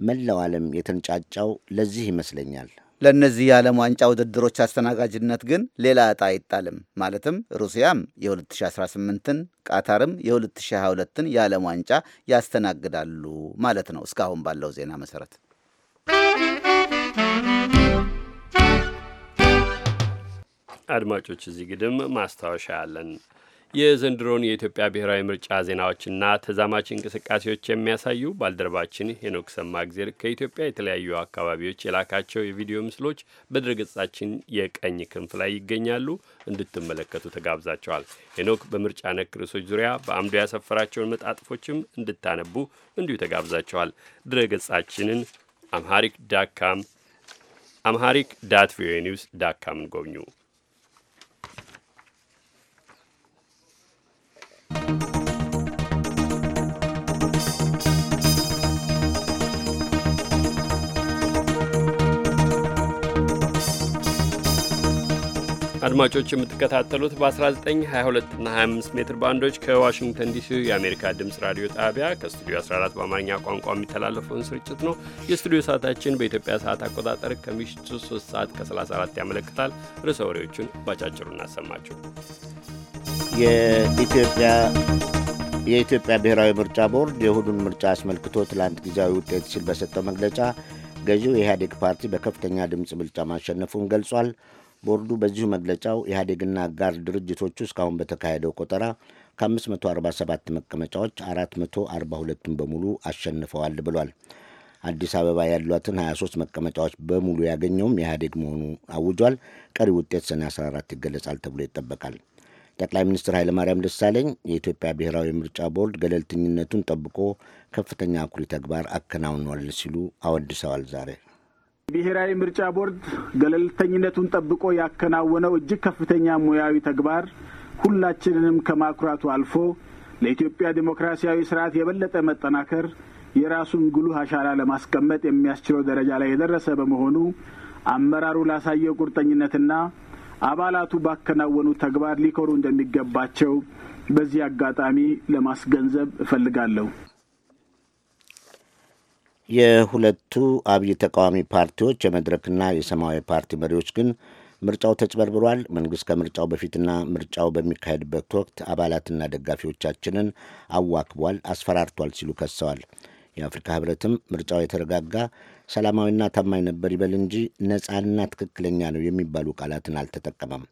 መላው ዓለም የተንጫጫው ለዚህ ይመስለኛል። ለእነዚህ የዓለም ዋንጫ ውድድሮች አስተናጋጅነት ግን ሌላ ዕጣ አይጣልም። ማለትም ሩሲያም የ2018ን ቃታርም የ2022ን የዓለም ዋንጫ ያስተናግዳሉ ማለት ነው እስካሁን ባለው ዜና መሰረት። አድማጮች፣ እዚህ ግድም ማስታወሻ አለን። የዘንድሮን የኢትዮጵያ ብሔራዊ ምርጫ ዜናዎችና ተዛማች እንቅስቃሴዎች የሚያሳዩ ባልደረባችን ሄኖክ ሰማእግዜር ከኢትዮጵያ የተለያዩ አካባቢዎች የላካቸው የቪዲዮ ምስሎች በድረገጻችን የቀኝ ክንፍ ላይ ይገኛሉ። እንድትመለከቱ ተጋብዛቸዋል። ሄኖክ በምርጫ ነክ ርዕሶች ዙሪያ በአምዶ ያሰፈራቸውን መጣጥፎችም እንድታነቡ እንዲሁ ተጋብዛቸዋል። ድረገጻችንን አምሃሪክ ዳካም አምሃሪክ ዳት ቪኦኤ ኒውስ ጎብኙ። አድማጮች የምትከታተሉት በ1922 እና 25 ሜትር ባንዶች ከዋሽንግተን ዲሲ የአሜሪካ ድምፅ ራዲዮ ጣቢያ ከስቱዲዮ 14 በአማርኛ ቋንቋ የሚተላለፈውን ስርጭት ነው። የስቱዲዮ ሰዓታችን በኢትዮጵያ ሰዓት አቆጣጠር ከምሽቱ 3 ሰዓት ከ34 ያመለክታል። ርዕሰ ወሬዎቹን ባጫጭሩ እናሰማችሁ። የኢትዮጵያ ብሔራዊ ምርጫ ቦርድ የእሁዱን ምርጫ አስመልክቶ ትላንት ጊዜያዊ ውጤት ሲል በሰጠው መግለጫ ገዢው የኢህአዴግ ፓርቲ በከፍተኛ ድምፅ ብልጫ ማሸነፉን ገልጿል። ቦርዱ በዚሁ መግለጫው ኢህአዴግና አጋር ድርጅቶቹ እስካሁን በተካሄደው ቆጠራ ከ547 መቀመጫዎች 442ቱን በሙሉ አሸንፈዋል ብሏል። አዲስ አበባ ያሏትን 23 መቀመጫዎች በሙሉ ያገኘውም ኢህአዴግ መሆኑ አውጇል። ቀሪ ውጤት ሰኔ 14 ይገለጻል ተብሎ ይጠበቃል። ጠቅላይ ሚኒስትር ኃይለማርያም ደሳለኝ የኢትዮጵያ ብሔራዊ ምርጫ ቦርድ ገለልተኝነቱን ጠብቆ ከፍተኛ አኩሪ ተግባር አከናውኗል ሲሉ አወድሰዋል ዛሬ ብሔራዊ ምርጫ ቦርድ ገለልተኝነቱን ጠብቆ ያከናወነው እጅግ ከፍተኛ ሙያዊ ተግባር ሁላችንንም ከማኩራቱ አልፎ ለኢትዮጵያ ዲሞክራሲያዊ ስርዓት የበለጠ መጠናከር የራሱን ጉልህ አሻራ ለማስቀመጥ የሚያስችለው ደረጃ ላይ የደረሰ በመሆኑ አመራሩ ላሳየው ቁርጠኝነትና አባላቱ ባከናወኑት ተግባር ሊኮሩ እንደሚገባቸው በዚህ አጋጣሚ ለማስገንዘብ እፈልጋለሁ። የሁለቱ አብይ ተቃዋሚ ፓርቲዎች የመድረክና የሰማያዊ ፓርቲ መሪዎች ግን ምርጫው ተጭበርብሯል፣ መንግሥት ከምርጫው በፊትና ምርጫው በሚካሄድበት ወቅት አባላትና ደጋፊዎቻችንን አዋክቧል፣ አስፈራርቷል ሲሉ ከሰዋል። የአፍሪካ ህብረትም ምርጫው የተረጋጋ ሰላማዊና ታማኝ ነበር ይበል እንጂ ነፃና ትክክለኛ ነው የሚባሉ ቃላትን አልተጠቀመም።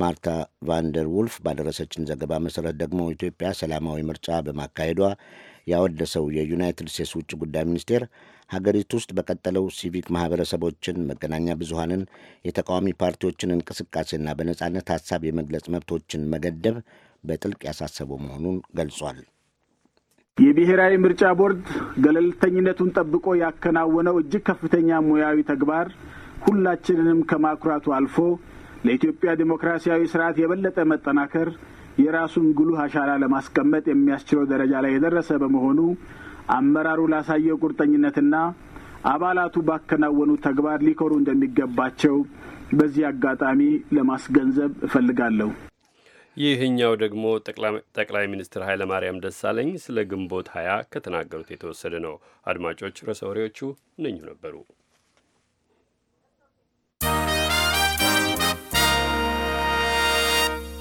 ማርታ ቫንደር ውልፍ ባደረሰችን ዘገባ መሠረት ደግሞ ኢትዮጵያ ሰላማዊ ምርጫ በማካሄዷ ያወደሰው የዩናይትድ ስቴትስ ውጭ ጉዳይ ሚኒስቴር ሀገሪቱ ውስጥ በቀጠለው ሲቪክ ማህበረሰቦችን፣ መገናኛ ብዙሃንን፣ የተቃዋሚ ፓርቲዎችን እንቅስቃሴና በነጻነት ሀሳብ የመግለጽ መብቶችን መገደብ በጥልቅ ያሳሰበው መሆኑን ገልጿል። የብሔራዊ ምርጫ ቦርድ ገለልተኝነቱን ጠብቆ ያከናወነው እጅግ ከፍተኛ ሙያዊ ተግባር ሁላችንንም ከማኩራቱ አልፎ ለኢትዮጵያ ዲሞክራሲያዊ ስርዓት የበለጠ መጠናከር የራሱን ጉልህ አሻራ ለማስቀመጥ የሚያስችለው ደረጃ ላይ የደረሰ በመሆኑ አመራሩ ላሳየው ቁርጠኝነትና አባላቱ ባከናወኑ ተግባር ሊኮሩ እንደሚገባቸው በዚህ አጋጣሚ ለማስገንዘብ እፈልጋለሁ። ይህኛው ደግሞ ጠቅላይ ሚኒስትር ኃይለ ማርያም ደሳለኝ ስለ ግንቦት ሀያ ከተናገሩት የተወሰደ ነው። አድማጮች ርዕሰ ወሬዎቹ እነኙሁ ነበሩ።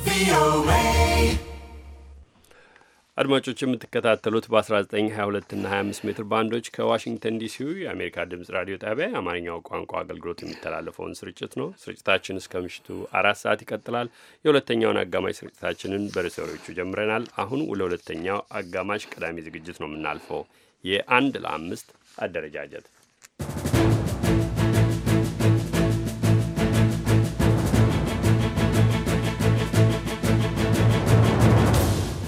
ቪኦኤ አድማጮች የምትከታተሉት በ1922 እና 25 ሜትር ባንዶች ከዋሽንግተን ዲሲው የአሜሪካ ድምፅ ራዲዮ ጣቢያ የአማርኛው ቋንቋ አገልግሎት የሚተላለፈውን ስርጭት ነው። ስርጭታችን እስከ ምሽቱ አራት ሰዓት ይቀጥላል። የሁለተኛውን አጋማሽ ስርጭታችንን በርሰሪዎቹ ጀምረናል። አሁን ወደ ሁለተኛው አጋማሽ ቀዳሚ ዝግጅት ነው የምናልፈው የአንድ ለአምስት አደረጃጀት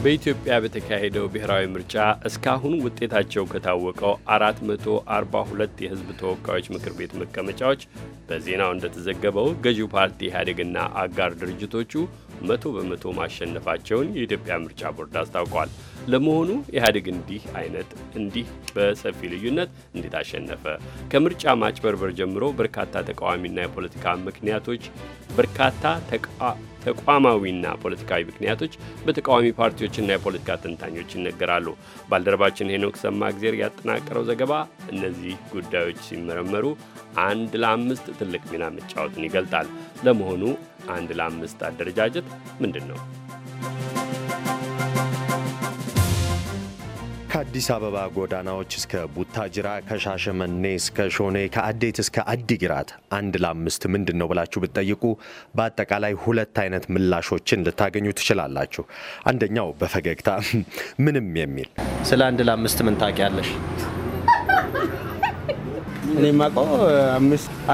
በኢትዮጵያ በተካሄደው ብሔራዊ ምርጫ እስካሁን ውጤታቸው ከታወቀው 442 የሕዝብ ተወካዮች ምክር ቤት መቀመጫዎች በዜናው እንደተዘገበው ገዢው ፓርቲ ኢህአዴግና አጋር ድርጅቶቹ መቶ በመቶ ማሸነፋቸውን የኢትዮጵያ ምርጫ ቦርድ አስታውቋል። ለመሆኑ ኢህአዴግ እንዲህ አይነት እንዲህ በሰፊ ልዩነት እንዴት አሸነፈ? ከምርጫ ማጭበርበር ጀምሮ በርካታ ተቃዋሚና የፖለቲካ ምክንያቶች በርካታ ተቋማዊና ፖለቲካዊ ምክንያቶች በተቃዋሚ ፓርቲዎችና የፖለቲካ ተንታኞች ይነገራሉ። ባልደረባችን ሄኖክ እግዜር ያጠናቀረው ዘገባ እነዚህ ጉዳዮች ሲመረመሩ አንድ ለአምስት ትልቅ ሚና መጫወትን ይገልጣል። ለመሆኑ አንድ ለአምስት አደረጃጀት ምንድን ነው? ከአዲስ አበባ ጎዳናዎች እስከ ቡታጅራ፣ ከሻሸመኔ እስከ ሾኔ፣ ከአዴት እስከ አዲግራት አንድ ለአምስት ምንድን ነው ብላችሁ ብትጠይቁ በአጠቃላይ ሁለት አይነት ምላሾችን ልታገኙ ትችላላችሁ። አንደኛው በፈገግታ ምንም የሚል ስለ አንድ ለአምስት ምን ታውቂያለሽ? እኔ የማውቀው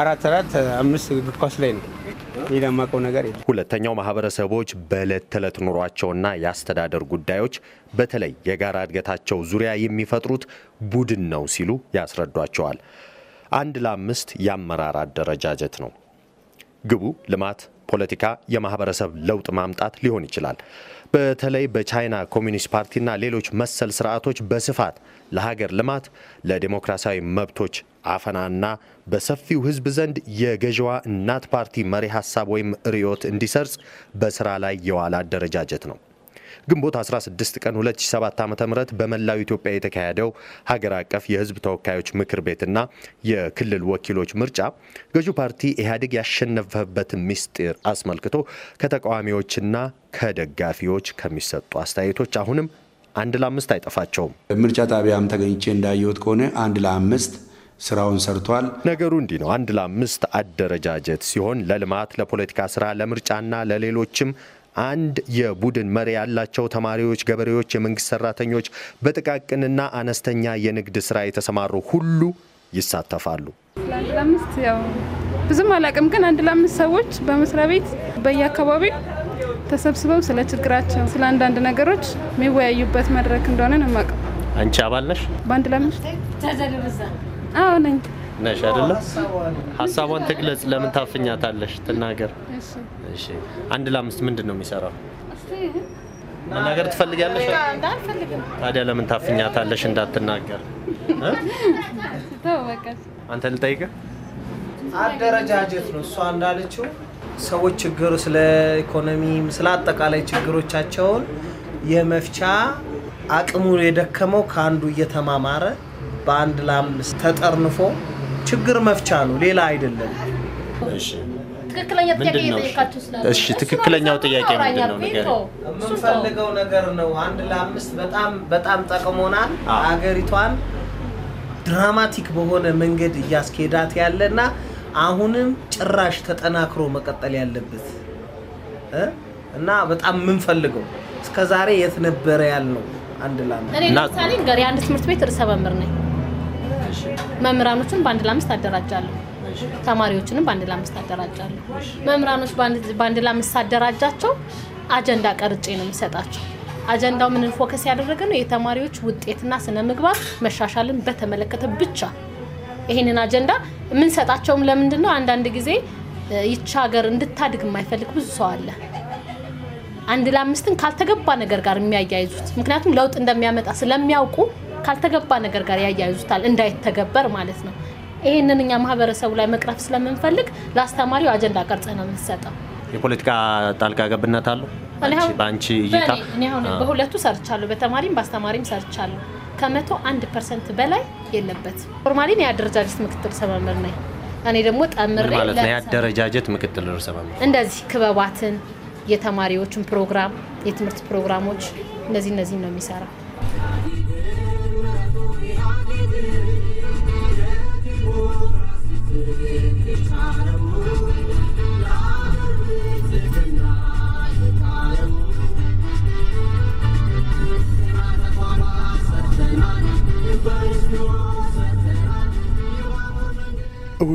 አራት አራት አምስት እግር ኳስ ላይ ነው ሌላ ነገር የለም። ሁለተኛው ማህበረሰቦች በዕለት ተዕለት ኑሯቸውና የአስተዳደር ጉዳዮች በተለይ የጋራ እድገታቸው ዙሪያ የሚፈጥሩት ቡድን ነው ሲሉ ያስረዷቸዋል። አንድ ለአምስት የአመራር አደረጃጀት ነው። ግቡ ልማት፣ ፖለቲካ፣ የማህበረሰብ ለውጥ ማምጣት ሊሆን ይችላል። በተለይ በቻይና ኮሚኒስት ፓርቲና ሌሎች መሰል ስርዓቶች በስፋት ለሀገር ልማት፣ ለዲሞክራሲያዊ መብቶች አፈናና በሰፊው ህዝብ ዘንድ የገዢዋ እናት ፓርቲ መሪ ሀሳብ ወይም ርዕዮት እንዲሰርጽ በስራ ላይ የዋለ አደረጃጀት ነው። ግንቦት 16 ቀን 2007 .ም በመላው ኢትዮጵያ የተካሄደው ሀገር አቀፍ የህዝብ ተወካዮች ምክር ቤትና የክልል ወኪሎች ምርጫ ገዢው ፓርቲ ኢህአዴግ ያሸነፈበትን ምስጢር አስመልክቶ ከተቃዋሚዎችና ከደጋፊዎች ከሚሰጡ አስተያየቶች አሁንም አንድ ለአምስት አይጠፋቸውም። ምርጫ ጣቢያም ተገኝቼ እንዳየሁት ከሆነ አንድ ለአምስት ስራውን ሰርቷል። ነገሩ እንዲህ ነው። አንድ ለአምስት አደረጃጀት ሲሆን ለልማት፣ ለፖለቲካ ስራ፣ ለምርጫና ለሌሎችም አንድ የቡድን መሪ ያላቸው ተማሪዎች፣ ገበሬዎች፣ የመንግስት ሰራተኞች፣ በጥቃቅንና አነስተኛ የንግድ ስራ የተሰማሩ ሁሉ ይሳተፋሉ። ለአንድ ለአምስት ያው ብዙም አላቅም፣ ግን አንድ ለአምስት ሰዎች በመስሪያ ቤት በየአካባቢው ተሰብስበው ስለ ችግራቸው ስለ አንዳንድ ነገሮች የሚወያዩበት መድረክ እንደሆነ ነው የማውቀው። አንቺ አባል ነሽ? በአንድ ለአምስት አዎ ነኝ። ነሽ አይደለ? ሀሳቧን ትግለጽ። ለምን ታፍኛታለሽ? ትናገር። እሺ። አንድ ለአምስት ምንድን ነው የሚሰራው? መናገር ትፈልጊያለሽ? ታዲያ ለምን ታፍኛታለሽ እንዳትናገር? አንተ ልጠይቅህ። አደረጃጀት ነው እሷ እንዳለችው ሰዎች ችግር ስለ ኢኮኖሚም ስለ አጠቃላይ ችግሮቻቸውን የመፍቻ አቅሙ የደከመው ከአንዱ እየተማማረ በአንድ ለአምስት ተጠርንፎ ችግር መፍቻ ነው፣ ሌላ አይደለም። እሺ ትክክለኛው ጥያቄ ምንድን ነው? ነገር የምንፈልገው ነገር ነው። አንድ ለአምስት በጣም በጣም ጠቅሞናል። ሀገሪቷን ድራማቲክ በሆነ መንገድ እያስኬዳት ያለና አሁንም ጭራሽ ተጠናክሮ መቀጠል ያለበት እና በጣም የምንፈልገው እስከዛሬ የት ነበረ ያልነው አንድ ለአምስት። እኔ ለምሳሌ አንድ ትምህርት ቤት ርዕሰ መምህር ነኝ። መምህራኖችን በአንድ ለአምስት አደራጃለሁ። ተማሪዎችንም በአንድ ለአምስት አደራጃለሁ። መምህራኖች በአንድ ለአምስት ሳደራጃቸው አጀንዳ ቀርጬ ነው የሚሰጣቸው። አጀንዳው ምንን ፎከስ ያደረገ ነው? የተማሪዎች ውጤትና ስነ ምግባር መሻሻልን በተመለከተ ብቻ። ይህንን አጀንዳ የምንሰጣቸውም ለምንድን ነው? አንዳንድ ጊዜ ይቺ ሀገር እንድታድግ የማይፈልግ ብዙ ሰው አለ። አንድ ለአምስትን ካልተገባ ነገር ጋር የሚያያይዙት ምክንያቱም ለውጥ እንደሚያመጣ ስለሚያውቁ ካልተገባ ነገር ጋር ያያይዙታል፣ እንዳይተገበር ማለት ነው። ይህንን እኛ ማህበረሰቡ ላይ መቅረፍ ስለምንፈልግ ለአስተማሪው አጀንዳ ቀርጸ ነው የምንሰጠው። የፖለቲካ ጣልቃ ገብነት አለው በአንቺ እይታ? በሁለቱ ሰርቻለሁ፣ በተማሪም በአስተማሪም ሰርቻለሁ። ከመቶ አንድ ፐርሰንት በላይ የለበት ኖርማሊን የአደረጃጀት ምክትል ሰመምር ነኝ። እኔ ደግሞ ጠምሬ ማለት ነው የአደረጃጀት ምክትል ርዕሰ መምህር እንደዚህ ክበባትን የተማሪዎችን ፕሮግራም የትምህርት ፕሮግራሞች እነዚህ እነዚህ ነው የሚሰራው። Thank you.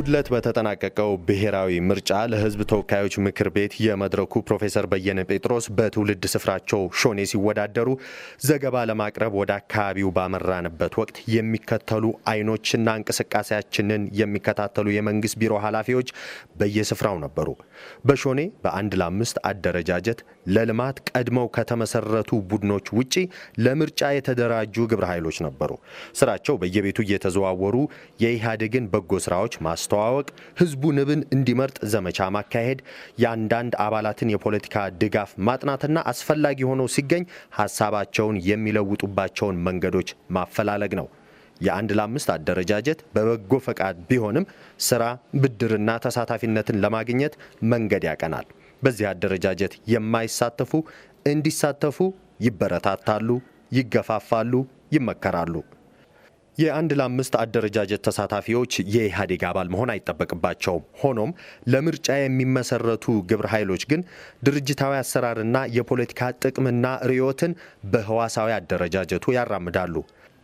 እሁድለት በተጠናቀቀው ብሔራዊ ምርጫ ለሕዝብ ተወካዮች ምክር ቤት የመድረኩ ፕሮፌሰር በየነ ጴጥሮስ በትውልድ ስፍራቸው ሾኔ ሲወዳደሩ ዘገባ ለማቅረብ ወደ አካባቢው ባመራንበት ወቅት የሚከተሉ አይኖችና እንቅስቃሴያችንን የሚከታተሉ የመንግስት ቢሮ ኃላፊዎች በየስፍራው ነበሩ። በሾኔ በአንድ ለአምስት አደረጃጀት ለልማት ቀድመው ከተመሰረቱ ቡድኖች ውጪ ለምርጫ የተደራጁ ግብረ ኃይሎች ነበሩ። ስራቸው በየቤቱ እየተዘዋወሩ የኢህአዴግን በጎ ስራዎች ማስተዋወቅ፣ ህዝቡ ንብን እንዲመርጥ ዘመቻ ማካሄድ፣ የአንዳንድ አባላትን የፖለቲካ ድጋፍ ማጥናትና አስፈላጊ ሆኖ ሲገኝ ሀሳባቸውን የሚለውጡባቸውን መንገዶች ማፈላለግ ነው። የአንድ ለአምስት አደረጃጀት በበጎ ፈቃድ ቢሆንም ስራ፣ ብድርና ተሳታፊነትን ለማግኘት መንገድ ያቀናል። በዚህ አደረጃጀት የማይሳተፉ እንዲሳተፉ ይበረታታሉ፣ ይገፋፋሉ፣ ይመከራሉ። የአንድ ለአምስት አደረጃጀት ተሳታፊዎች የኢህአዴግ አባል መሆን አይጠበቅባቸውም። ሆኖም ለምርጫ የሚመሰረቱ ግብረ ኃይሎች ግን ድርጅታዊ አሰራርና የፖለቲካ ጥቅምና ርዕዮትን በህዋሳዊ አደረጃጀቱ ያራምዳሉ።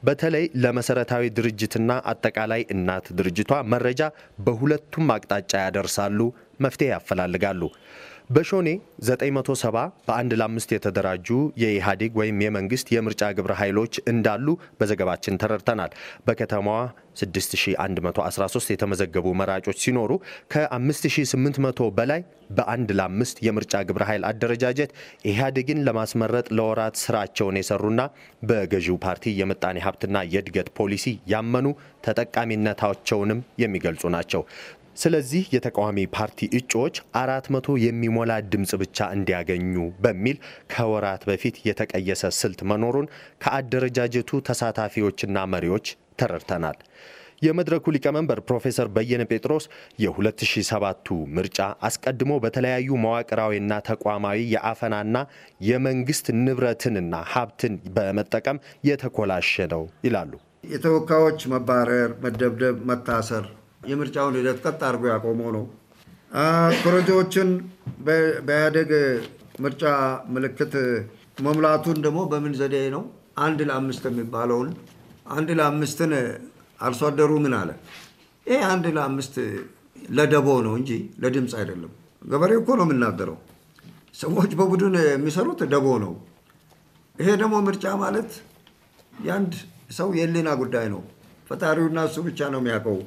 በተለይ ለመሰረታዊ ድርጅትና አጠቃላይ እናት ድርጅቷ መረጃ በሁለቱም አቅጣጫ ያደርሳሉ፣ መፍትሄ ያፈላልጋሉ። በሾኔ 970 በአንድ ለአምስት የተደራጁ የኢህአዴግ ወይም የመንግስት የምርጫ ግብረ ኃይሎች እንዳሉ በዘገባችን ተረድተናል። በከተማዋ 6113 የተመዘገቡ መራጮች ሲኖሩ ከ5800 በላይ በአንድ ለአምስት የምርጫ ግብረ ኃይል አደረጃጀት ኢህአዴግን ለማስመረጥ ለወራት ስራቸውን የሰሩና በገዢው ፓርቲ የምጣኔ ሀብትና የእድገት ፖሊሲ ያመኑ ተጠቃሚነታቸውንም የሚገልጹ ናቸው። ስለዚህ የተቃዋሚ ፓርቲ እጩዎች አራት መቶ የሚሞላ ድምፅ ብቻ እንዲያገኙ በሚል ከወራት በፊት የተቀየሰ ስልት መኖሩን ከአደረጃጀቱ ተሳታፊዎችና መሪዎች ተረድተናል። የመድረኩ ሊቀመንበር ፕሮፌሰር በየነ ጴጥሮስ የ2007ቱ ምርጫ አስቀድሞ በተለያዩ መዋቅራዊና ተቋማዊ የአፈናና የመንግስት ንብረትንና ሀብትን በመጠቀም የተኮላሸ ነው ይላሉ። የተወካዮች መባረር፣ መደብደብ፣ መታሰር የምርጫውን ሂደት ቀጥ አድርጎ ያቆመው ነው። ኮረጆዎችን በኢህአዴግ ምርጫ ምልክት መሙላቱን ደግሞ በምን ዘዴ ነው? አንድ ለአምስት የሚባለውን አንድ ለአምስትን አርሶ አደሩ ምን አለ? ይሄ አንድ ለአምስት ለደቦ ነው እንጂ ለድምፅ አይደለም። ገበሬ እኮ ነው የምናገረው። ሰዎች በቡድን የሚሰሩት ደቦ ነው። ይሄ ደግሞ ምርጫ ማለት የአንድ ሰው የህሊና ጉዳይ ነው። ፈጣሪውና እሱ ብቻ ነው የሚያውቀው።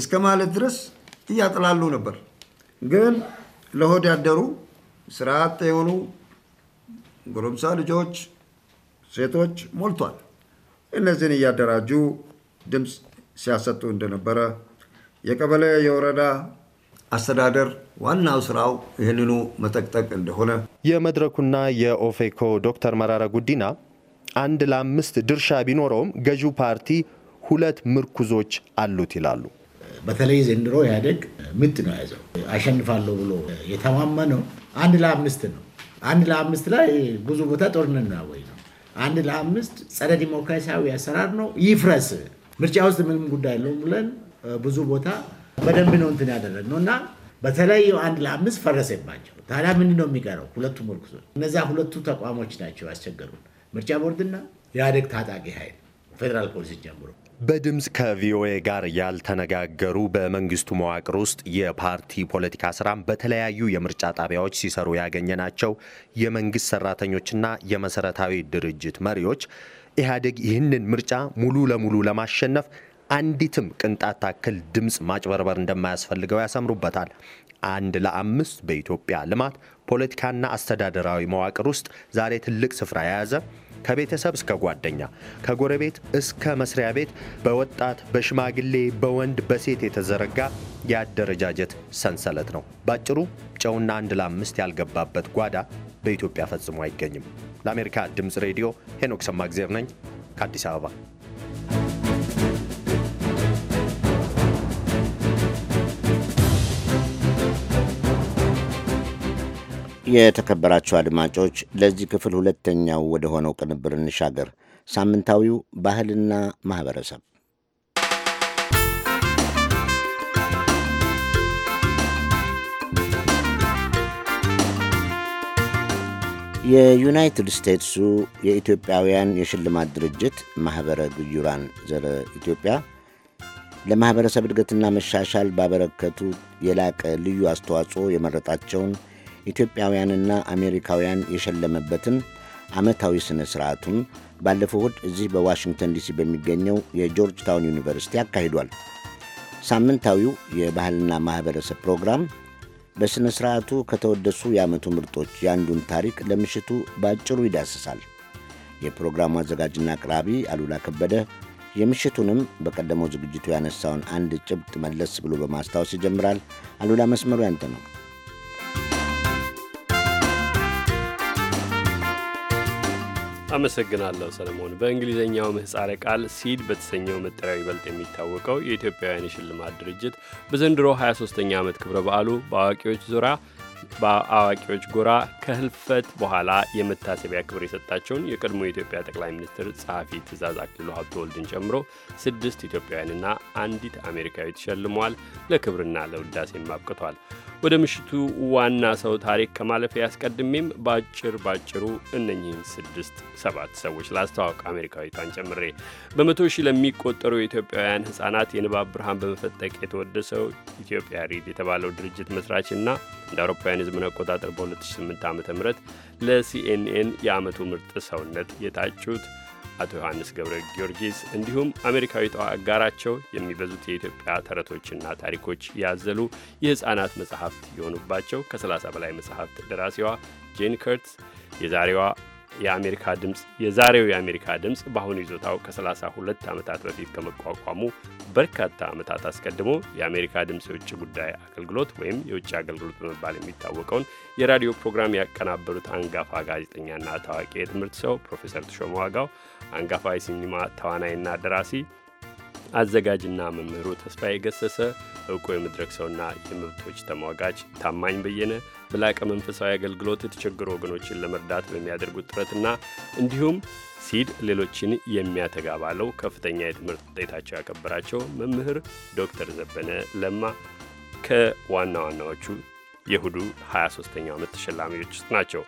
እስከ ማለት ድረስ እያጥላሉ ነበር። ግን ለሆድ ያደሩ ስርዓት የሆኑ ጎረምሳ ልጆች፣ ሴቶች ሞልቷል። እነዚህን እያደራጁ ድምፅ ሲያሰጡ እንደነበረ የቀበሌ የወረዳ አስተዳደር ዋናው ስራው ይህንኑ መጠቅጠቅ እንደሆነ የመድረኩና የኦፌኮ ዶክተር መራራ ጉዲና አንድ ለአምስት ድርሻ ቢኖረውም ገዢው ፓርቲ ሁለት ምርኩዞች አሉት ይላሉ። በተለይ ዘንድሮ ኢህአዴግ ምት ነው የያዘው። አሸንፋለሁ ብሎ የተማመነው አንድ ለአምስት ነው። አንድ ለአምስት ላይ ብዙ ቦታ ጦርነት ነው ወይ ነው። አንድ ለአምስት ጸረ ዲሞክራሲያዊ አሰራር ነው፣ ይፍረስ፣ ምርጫ ውስጥ ምንም ጉዳይ የለውም ብለን ብዙ ቦታ በደንብ ነው እንትን ነው እና በተለይ አንድ ለአምስት ፈረሰባቸው። ታዲያ ምንድን ነው የሚቀረው? ሁለቱ ምርኩዞች እነዚያ ሁለቱ ተቋሞች ናቸው ያስቸገሩን፣ ምርጫ ቦርድና የአደግ ታጣቂ ኃይል ፌዴራል ፖሊስን ጀምሮ። በድምፅ ከቪኦኤ ጋር ያልተነጋገሩ በመንግስቱ መዋቅር ውስጥ የፓርቲ ፖለቲካ ስራም በተለያዩ የምርጫ ጣቢያዎች ሲሰሩ ያገኘናቸው የመንግስት ሰራተኞችና የመሰረታዊ ድርጅት መሪዎች ኢህአዴግ ይህንን ምርጫ ሙሉ ለሙሉ ለማሸነፍ አንዲትም ቅንጣት ታክል ድምፅ ማጭበርበር እንደማያስፈልገው ያሰምሩበታል። አንድ ለአምስት በኢትዮጵያ ልማት ፖለቲካና አስተዳደራዊ መዋቅር ውስጥ ዛሬ ትልቅ ስፍራ የያዘ ከቤተሰብ እስከ ጓደኛ፣ ከጎረቤት እስከ መስሪያ ቤት በወጣት በሽማግሌ በወንድ በሴት የተዘረጋ የአደረጃጀት ሰንሰለት ነው። ባጭሩ ጨውና አንድ ለአምስት ያልገባበት ጓዳ በኢትዮጵያ ፈጽሞ አይገኝም። ለአሜሪካ ድምፅ ሬዲዮ ሄኖክ ሰማግዜር ነኝ ከአዲስ አበባ። የተከበራቸው አድማጮች ለዚህ ክፍል ሁለተኛው ወደ ሆነው ቅንብር እንሻገር። ሳምንታዊው ባህልና ማኅበረሰብ የዩናይትድ ስቴትሱ የኢትዮጵያውያን የሽልማት ድርጅት ማኅበረ ግዩራን ዘረ ኢትዮጵያ ለማኅበረሰብ እድገትና መሻሻል ባበረከቱ የላቀ ልዩ አስተዋጽኦ የመረጣቸውን ኢትዮጵያውያንና አሜሪካውያን የሸለመበትን ዓመታዊ ሥነ ሥርዓቱን ባለፈው እሁድ እዚህ በዋሽንግተን ዲሲ በሚገኘው የጆርጅ ታውን ዩኒቨርሲቲ አካሂዷል። ሳምንታዊው የባህልና ማኅበረሰብ ፕሮግራም በሥነ ሥርዓቱ ከተወደሱ የዓመቱ ምርጦች የአንዱን ታሪክ ለምሽቱ በአጭሩ ይዳስሳል። የፕሮግራሙ አዘጋጅና አቅራቢ አሉላ ከበደ የምሽቱንም በቀደመው ዝግጅቱ ያነሳውን አንድ ጭብጥ መለስ ብሎ በማስታወስ ይጀምራል። አሉላ፣ መስመሩ ያንተ ነው። አመሰግናለሁ ሰለሞን። በእንግሊዝኛው ምህጻረ ቃል ሲድ በተሰኘው መጠሪያ ይበልጥ የሚታወቀው የኢትዮጵያውያን የሽልማት ድርጅት በዘንድሮ 23ኛ ዓመት ክብረ በዓሉ በአዋቂዎች ዙሪያ በአዋቂዎች ጎራ ከህልፈት በኋላ የመታሰቢያ ክብር የሰጣቸውን የቀድሞ የኢትዮጵያ ጠቅላይ ሚኒስትር ጸሐፊ ትእዛዝ አክሊሉ ሀብተወልድን ጨምሮ ስድስት ኢትዮጵያውያንና አንዲት አሜሪካዊ ሸልመዋል ለክብርና ለውዳሴም አብቅቷል። ወደ ምሽቱ ዋና ሰው ታሪክ ከማለፍ ያስቀድሜም ባጭር ባጭሩ እነኚህን ስድስት ሰባት ሰዎች ላስተዋወቅ አሜሪካዊቷን ጨምሬ በመቶ ሺህ ለሚቆጠሩ የኢትዮጵያውያን ህጻናት የንባብ ብርሃን በመፈጠቅ የተወደሰው ኢትዮጵያ ሪድ የተባለው ድርጅት መስራችና እንደ አውሮፓውያን ህዝብን አቆጣጠር በ2008 ዓ ም ለሲኤንኤን የዓመቱ ምርጥ ሰውነት የታጩት አቶ ዮሐንስ ገብረ ጊዮርጊስ እንዲሁም አሜሪካዊቷ አጋራቸው የሚበዙት የኢትዮጵያ ተረቶችና ታሪኮች ያዘሉ የሕፃናት መጽሐፍት የሆኑባቸው ከ30 በላይ መጽሐፍት ደራሲዋ ጄን ከርትስ የዛሬዋ የአሜሪካ ድምፅ የዛሬው የአሜሪካ ድምፅ በአሁኑ ይዞታው ከ32 ዓመታት በፊት ከመቋቋሙ በርካታ ዓመታት አስቀድሞ የአሜሪካ ድምፅ የውጭ ጉዳይ አገልግሎት ወይም የውጭ አገልግሎት በመባል የሚታወቀውን የራዲዮ ፕሮግራም ያቀናበሩት አንጋፋ ጋዜጠኛና ታዋቂ የትምህርት ሰው ፕሮፌሰር ተሾመ ዋጋው አንጋፋ የሲኒማ ተዋናይና ደራሲ አዘጋጅና መምህሩ ተስፋዬ ገሰሰ፣ እውቁ የመድረክ ሰውና የመብቶች ተሟጋች ታማኝ በየነ በላቀ መንፈሳዊ አገልግሎት የተቸገሩ ወገኖችን ለመርዳት በሚያደርጉት ጥረትና እንዲሁም ሲድ ሌሎችን የሚያተጋ ባለው ከፍተኛ የትምህርት ውጤታቸው ያከበራቸው መምህር ዶክተር ዘበነ ለማ ከዋና ዋናዎቹ የእሁዱ 23ኛው ዓመት ተሸላሚዎች ውስጥ ናቸው።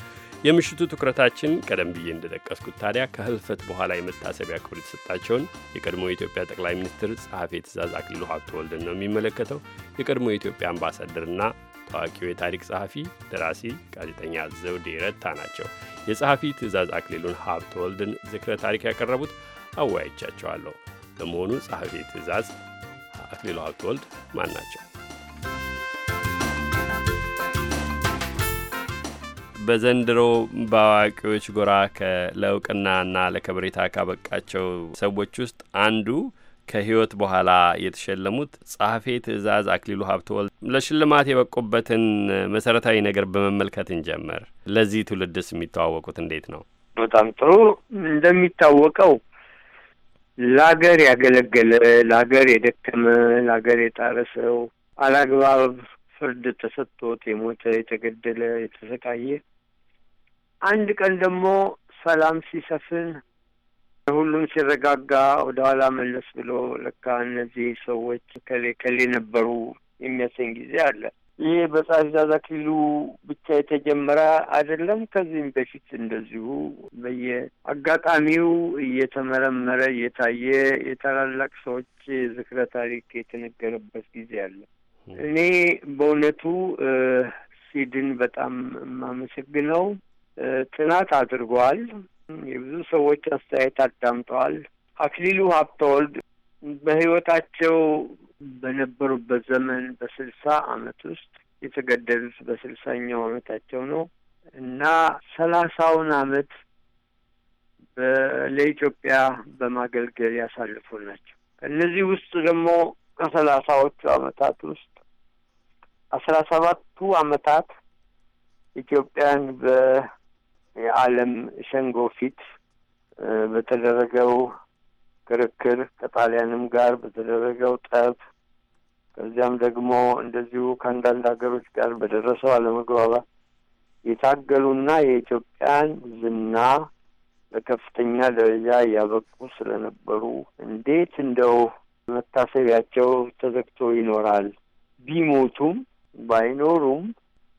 የምሽቱ ትኩረታችን ቀደም ብዬ እንደጠቀስኩት ታዲያ ከህልፈት በኋላ የመታሰቢያ ክብር የተሰጣቸውን የቀድሞ የኢትዮጵያ ጠቅላይ ሚኒስትር ጸሐፌ ትእዛዝ አክሊሉ ወልድን ነው የሚመለከተው። የቀድሞ የኢትዮጵያ አምባሳደርና ታዋቂው የታሪክ ጸሐፊ ደራሲ ጋዜጠኛ ዘውዴ ረታ ናቸው። የጸሐፊ ትእዛዝ አክሊሉን ወልድን ዝክረ ታሪክ ያቀረቡት አወያይቻቸዋለሁ። ለመሆኑ ጸሐፊ ትእዛዝ አክሊሉ ሀብተወልድ ማን ናቸው? በዘንድሮ በአዋቂዎች ጎራ ለእውቅናና ለከብሬታ ካበቃቸው ሰዎች ውስጥ አንዱ ከህይወት በኋላ የተሸለሙት ጸሐፌ ትእዛዝ አክሊሉ ሀብተወልድ ለሽልማት የበቁበትን መሰረታዊ ነገር በመመልከት እንጀምር። ለዚህ ትውልድስ የሚተዋወቁት እንዴት ነው? በጣም ጥሩ። እንደሚታወቀው ለሀገር ያገለገለ ለሀገር የደከመ ለሀገር የጣረ ሰው አላግባብ ፍርድ ተሰጥቶት የሞተ የተገደለ የተሰቃየ አንድ ቀን ደግሞ ሰላም ሲሰፍን ሁሉም ሲረጋጋ ወደ ኋላ መለስ ብሎ ለካ እነዚህ ሰዎች ከሌ ከሌ ነበሩ የሚያሰኝ ጊዜ አለ። ይህ በጻድቃን አክሊሉ ብቻ የተጀመረ አይደለም። ከዚህም በፊት እንደዚሁ በየአጋጣሚው እየተመረመረ እየታየ የታላላቅ ሰዎች ዝክረ ታሪክ የተነገረበት ጊዜ አለ። እኔ በእውነቱ ሲድን በጣም የማመሰግነው ጥናት አድርጓል የብዙ ሰዎች አስተያየት አዳምጠዋል። አክሊሉ ሀብተወልድ በህይወታቸው በነበሩበት ዘመን በስልሳ አመት ውስጥ የተገደሉት በስልሳኛው አመታቸው ነው እና ሰላሳውን አመት ለኢትዮጵያ በማገልገል ያሳልፉ ናቸው። ከእነዚህ ውስጥ ደግሞ ከሰላሳዎቹ አመታት ውስጥ አስራ ሰባቱ አመታት ኢትዮጵያን በ የዓለም ሸንጎ ፊት በተደረገው ክርክር ከጣሊያንም ጋር በተደረገው ጠብ ከዚያም ደግሞ እንደዚሁ ከአንዳንድ ሀገሮች ጋር በደረሰው አለመግባባት የታገሉና የኢትዮጵያን ዝና በከፍተኛ ደረጃ እያበቁ ስለነበሩ እንዴት እንደው መታሰቢያቸው ተዘግቶ ይኖራል? ቢሞቱም ባይኖሩም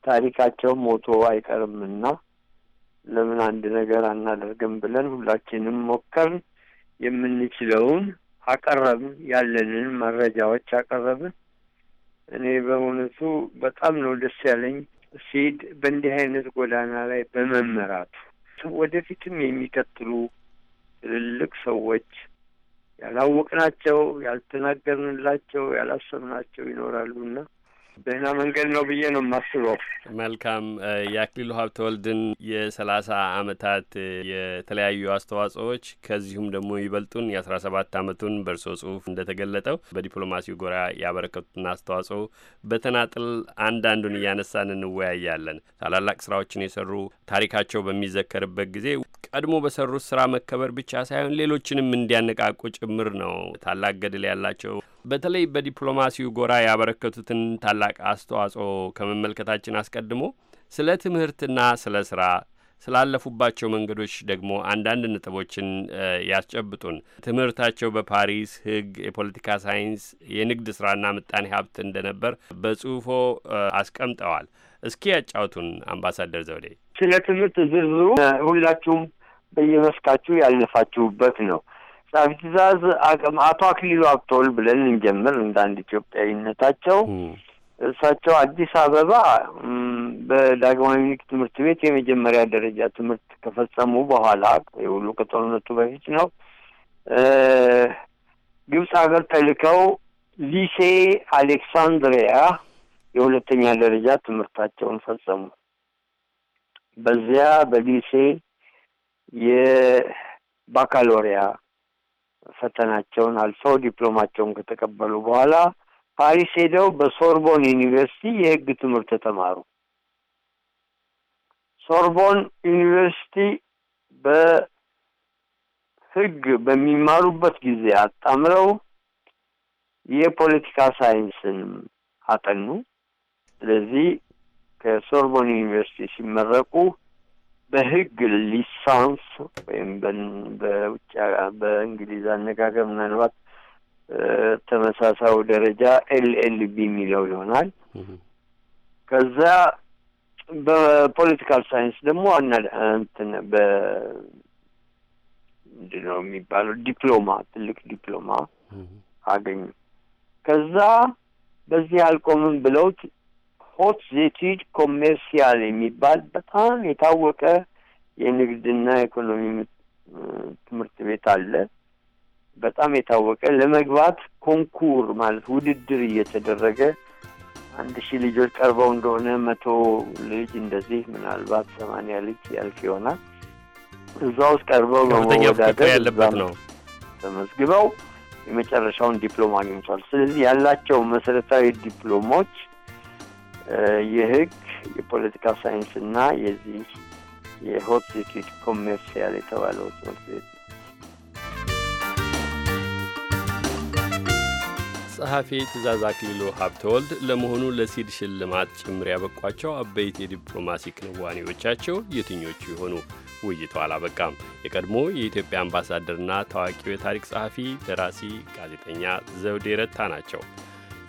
ታሪካቸው ሞቶ አይቀርምና ለምን አንድ ነገር አናደርግም ብለን ሁላችንም ሞከርን። የምንችለውን አቀረብን፣ ያለንን መረጃዎች አቀረብን። እኔ በእውነቱ በጣም ነው ደስ ያለኝ ሲሄድ በእንዲህ አይነት ጎዳና ላይ በመመራቱ ወደፊትም የሚቀጥሉ ትልልቅ ሰዎች ያላወቅናቸው፣ ያልተናገርንላቸው፣ ያላሰብናቸው ይኖራሉና ደህና መንገድ ነው ብዬ ነው የማስበው። መልካም የአክሊሉ ሀብተወልድን ወልድን የሰላሳ አመታት የተለያዩ አስተዋጽኦዎች ከዚሁም ደግሞ ይበልጡን የአስራ ሰባት አመቱን በእርሶ ጽሁፍ እንደተገለጠው በዲፕሎማሲው ጎራ ያበረከቱትን አስተዋጽኦ በተናጥል አንዳንዱን እያነሳን እንወያያለን። ታላላቅ ስራዎችን የሰሩ ታሪካቸው በሚዘከርበት ጊዜ ቀድሞ በሰሩት ስራ መከበር ብቻ ሳይሆን ሌሎችንም እንዲያነቃቁ ጭምር ነው ታላቅ ገድል ያላቸው በተለይ በዲፕሎማሲው ጎራ ያበረከቱትን ታላቅ አስተዋጽኦ ከመመልከታችን አስቀድሞ ስለ ትምህርትና ስለ ስራ ስላለፉባቸው መንገዶች ደግሞ አንዳንድ ነጥቦችን ያስጨብጡን። ትምህርታቸው በፓሪስ ሕግ፣ የፖለቲካ ሳይንስ፣ የንግድ ስራና ምጣኔ ሀብት እንደነበር በጽሁፎ አስቀምጠዋል። እስኪ ያጫውቱን አምባሳደር ዘውዴ። ስለ ትምህርት ዝርዝሩ ሁላችሁም በየመስካችሁ ያለፋችሁበት ነው። ሀሳብ ትእዛዝ አቅም አቶ አክሊሉ አብቶል ብለን እንጀምር። እንደ አንድ ኢትዮጵያዊነታቸው እሳቸው አዲስ አበባ በዳግማዊ ምኒልክ ትምህርት ቤት የመጀመሪያ ደረጃ ትምህርት ከፈጸሙ በኋላ የሁሉ ከጦርነቱ በፊት ነው። ግብፅ ሀገር ተልከው ሊሴ አሌክሳንድሪያ የሁለተኛ ደረጃ ትምህርታቸውን ፈጸሙ። በዚያ በሊሴ የባካሎሪያ ፈተናቸውን አልፈው ዲፕሎማቸውን ከተቀበሉ በኋላ ፓሪስ ሄደው በሶርቦን ዩኒቨርሲቲ የህግ ትምህርት ተማሩ። ሶርቦን ዩኒቨርሲቲ በህግ በሚማሩበት ጊዜ አጣምረው የፖለቲካ ሳይንስን አጠኑ። ስለዚህ ከሶርቦን ዩኒቨርሲቲ ሲመረቁ በህግ ሊሳንስ ወይም በውጭ በእንግሊዝ አነጋገር ምናልባት ተመሳሳዩ ደረጃ ኤልኤልቢ የሚለው ይሆናል። ከዛ በፖለቲካል ሳይንስ ደግሞ ዋና እንትን ምንድን ነው የሚባለው ዲፕሎማ ትልቅ ዲፕሎማ አገኙ። ከዛ በዚህ አልቆምም ብለውት። ሆት ዜቲድ ኮሜርሲያል የሚባል በጣም የታወቀ የንግድና ኢኮኖሚ ትምህርት ቤት አለ። በጣም የታወቀ ለመግባት ኮንኩር ማለት ውድድር እየተደረገ አንድ ሺህ ልጆች ቀርበው እንደሆነ መቶ ልጅ እንደዚህ ምናልባት ሰማንያ ልጅ ያልፍ ይሆናል። እዛ ውስጥ ቀርበው በመወዳደር ያለበት ነው ተመዝግበው የመጨረሻውን ዲፕሎማ አግኝቷል። ስለዚህ ያላቸው መሰረታዊ ዲፕሎሞች። የህግ የፖለቲካ ሳይንስና የዚህ የሆፕሲኪድ ኮሜርሲያል የተባለው ትምህርት ቤት ጸሐፊ ትእዛዝ አክሊሉ ሀብተወልድ ለመሆኑ ለሲድ ሽልማት ጭምር ያበቋቸው አበይት የዲፕሎማሲ ክንዋኔዎቻቸው የትኞቹ የሆኑ? ውይይቱ አላበቃም። የቀድሞ የኢትዮጵያ አምባሳደርና ታዋቂው የታሪክ ጸሐፊ ደራሲ ጋዜጠኛ ዘውዴ ረታ ናቸው።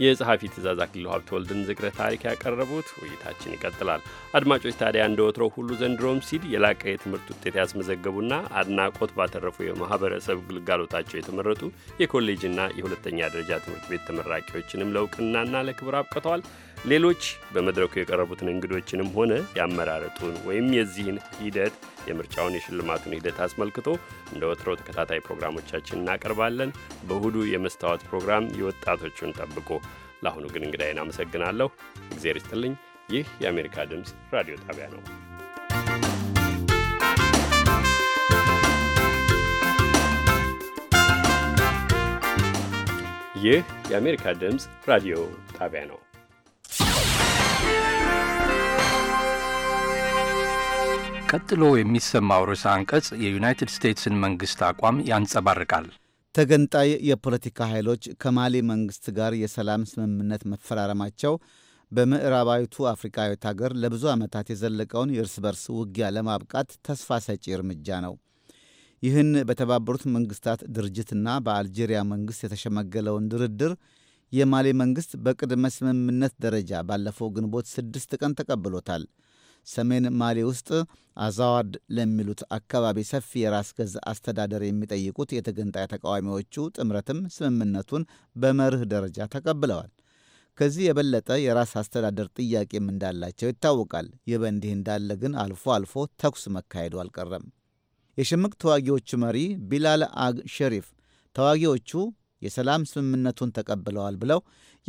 የጸሐፊ ትእዛዝ አክሊሉ ሀብተ ወልድን ዝክረ ታሪክ ያቀረቡት። ውይይታችን ይቀጥላል። አድማጮች ታዲያ እንደ ወትሮ ሁሉ ዘንድሮም ሲል የላቀ የትምህርት ውጤት ያስመዘገቡና አድናቆት ባተረፉ የማህበረሰብ ግልጋሎታቸው የተመረጡ የኮሌጅና የሁለተኛ ደረጃ ትምህርት ቤት ተመራቂዎችንም ለእውቅናና ለክብር አብቅተዋል። ሌሎች በመድረኩ የቀረቡትን እንግዶችንም ሆነ ያመራረጡን ወይም የዚህን ሂደት የምርጫውን የሽልማቱን ሂደት አስመልክቶ እንደ ወትሮ ተከታታይ ፕሮግራሞቻችን እናቀርባለን። በእሁዱ የመስታወት ፕሮግራም የወጣቶቹን ጠብቆ። ለአሁኑ ግን እንግዳይን አመሰግናለሁ። እግዜር ይስጥልኝ። ይህ የአሜሪካ ድምፅ ራዲዮ ጣቢያ ነው። ይህ የአሜሪካ ድምፅ ራዲዮ ጣቢያ ነው። ቀጥሎ የሚሰማው ርዕሰ አንቀጽ የዩናይትድ ስቴትስን መንግሥት አቋም ያንጸባርቃል። ተገንጣይ የፖለቲካ ኃይሎች ከማሊ መንግሥት ጋር የሰላም ስምምነት መፈራረማቸው በምዕራባዊቱ አፍሪካዊት ሀገር ለብዙ ዓመታት የዘለቀውን የእርስ በርስ ውጊያ ለማብቃት ተስፋ ሰጪ እርምጃ ነው። ይህን በተባበሩት መንግሥታት ድርጅትና በአልጄሪያ መንግሥት የተሸመገለውን ድርድር የማሊ መንግሥት በቅድመ ስምምነት ደረጃ ባለፈው ግንቦት ስድስት ቀን ተቀብሎታል። ሰሜን ማሊ ውስጥ አዛዋድ ለሚሉት አካባቢ ሰፊ የራስ ገዝ አስተዳደር የሚጠይቁት የተገንጣይ ተቃዋሚዎቹ ጥምረትም ስምምነቱን በመርህ ደረጃ ተቀብለዋል። ከዚህ የበለጠ የራስ አስተዳደር ጥያቄም እንዳላቸው ይታወቃል። ይህ በእንዲህ እንዳለ ግን አልፎ አልፎ ተኩስ መካሄዱ አልቀረም። የሽምቅ ተዋጊዎቹ መሪ ቢላል አግ ሸሪፍ ተዋጊዎቹ የሰላም ስምምነቱን ተቀብለዋል ብለው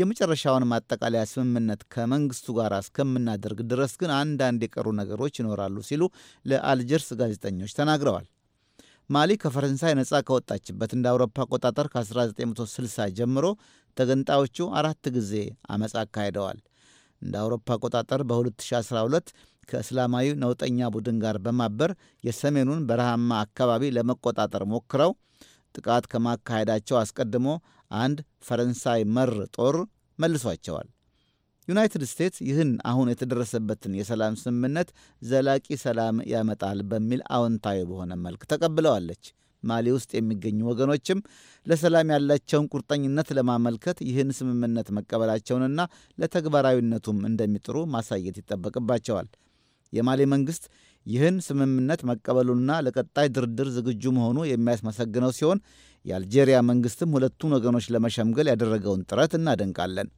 የመጨረሻውን ማጠቃለያ ስምምነት ከመንግስቱ ጋር እስከምናደርግ ድረስ ግን አንዳንድ የቀሩ ነገሮች ይኖራሉ ሲሉ ለአልጀርስ ጋዜጠኞች ተናግረዋል። ማሊ ከፈረንሳይ ነፃ ከወጣችበት እንደ አውሮፓ አቆጣጠር ከ1960 ጀምሮ ተገንጣዮቹ አራት ጊዜ አመፃ አካሂደዋል። እንደ አውሮፓ አቆጣጠር በ2012 ከእስላማዊ ነውጠኛ ቡድን ጋር በማበር የሰሜኑን በረሃማ አካባቢ ለመቆጣጠር ሞክረው ጥቃት ከማካሄዳቸው አስቀድሞ አንድ ፈረንሳይ መር ጦር መልሷቸዋል። ዩናይትድ ስቴትስ ይህን አሁን የተደረሰበትን የሰላም ስምምነት ዘላቂ ሰላም ያመጣል በሚል አዎንታዊ በሆነ መልክ ተቀብለዋለች። ማሊ ውስጥ የሚገኙ ወገኖችም ለሰላም ያላቸውን ቁርጠኝነት ለማመልከት ይህን ስምምነት መቀበላቸውንና ለተግባራዊነቱም እንደሚጥሩ ማሳየት ይጠበቅባቸዋል። የማሊ መንግሥት ይህን ስምምነት መቀበሉና ለቀጣይ ድርድር ዝግጁ መሆኑ የሚያስመሰግነው ሲሆን የአልጄሪያ መንግሥትም ሁለቱን ወገኖች ለመሸምገል ያደረገውን ጥረት እናደንቃለን።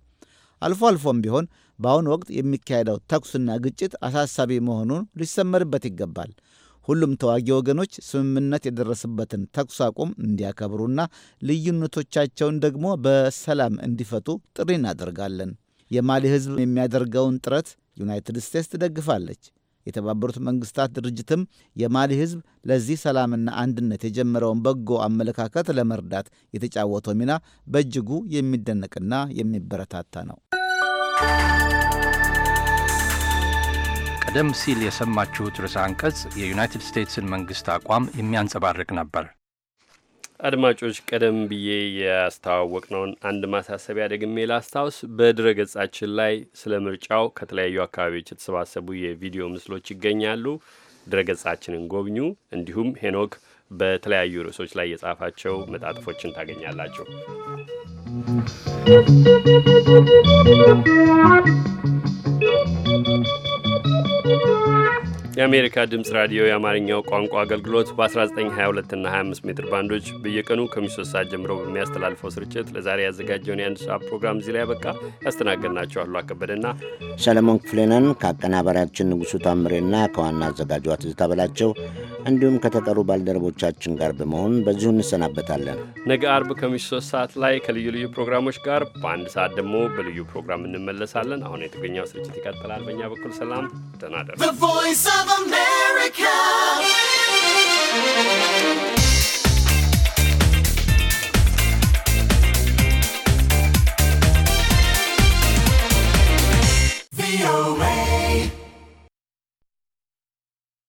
አልፎ አልፎም ቢሆን በአሁኑ ወቅት የሚካሄደው ተኩስና ግጭት አሳሳቢ መሆኑን ሊሰመርበት ይገባል። ሁሉም ተዋጊ ወገኖች ስምምነት የደረሰበትን ተኩስ አቁም እንዲያከብሩና ልዩነቶቻቸውን ደግሞ በሰላም እንዲፈቱ ጥሪ እናደርጋለን። የማሊ ሕዝብ የሚያደርገውን ጥረት ዩናይትድ ስቴትስ ትደግፋለች። የተባበሩት መንግስታት ድርጅትም የማሊ ህዝብ ለዚህ ሰላምና አንድነት የጀመረውን በጎ አመለካከት ለመርዳት የተጫወተው ሚና በእጅጉ የሚደነቅና የሚበረታታ ነው። ቀደም ሲል የሰማችሁት ርዕሰ አንቀጽ የዩናይትድ ስቴትስን መንግስት አቋም የሚያንጸባርቅ ነበር። አድማጮች ቀደም ብዬ ነውን። አንድ ማሳሰቢያ ደግሜ ላስታውስ። በድረ ገጻችን ላይ ስለ ምርጫው ከተለያዩ አካባቢዎች የተሰባሰቡ የቪዲዮ ምስሎች ይገኛሉ። ድረ ገጻችንን ጎብኙ። እንዲሁም ሄኖክ በተለያዩ ርዕሶች ላይ የጻፋቸው መጣጥፎችን ታገኛላቸው። የአሜሪካ ድምፅ ራዲዮ የአማርኛው ቋንቋ አገልግሎት በ1922 እና 25 ሜትር ባንዶች በየቀኑ ከምሽቱ ሰዓት ጀምሮ በሚያስተላልፈው ስርጭት ለዛሬ ያዘጋጀውን የአንድ ሰዓት ፕሮግራም እዚህ ላይ ያበቃ። ያስተናገድናቸው አሉ አከበደና ሰለሞን ክፍሌነን ከአቀናባሪያችን ንጉሡ ታምሬና ከዋና አዘጋጇ ትዝታ በላቸው እንዲሁም ከተቀሩ ባልደረቦቻችን ጋር በመሆን በዚሁ እንሰናበታለን። ነገ አርብ ከምሽቱ ሰዓት ላይ ከልዩ ልዩ ፕሮግራሞች ጋር በአንድ ሰዓት ደግሞ በልዩ ፕሮግራም እንመለሳለን። አሁን የትግርኛው ስርጭት ይቀጥላል። በእኛ በኩል ሰላም፣ ደህና እደሩ። away.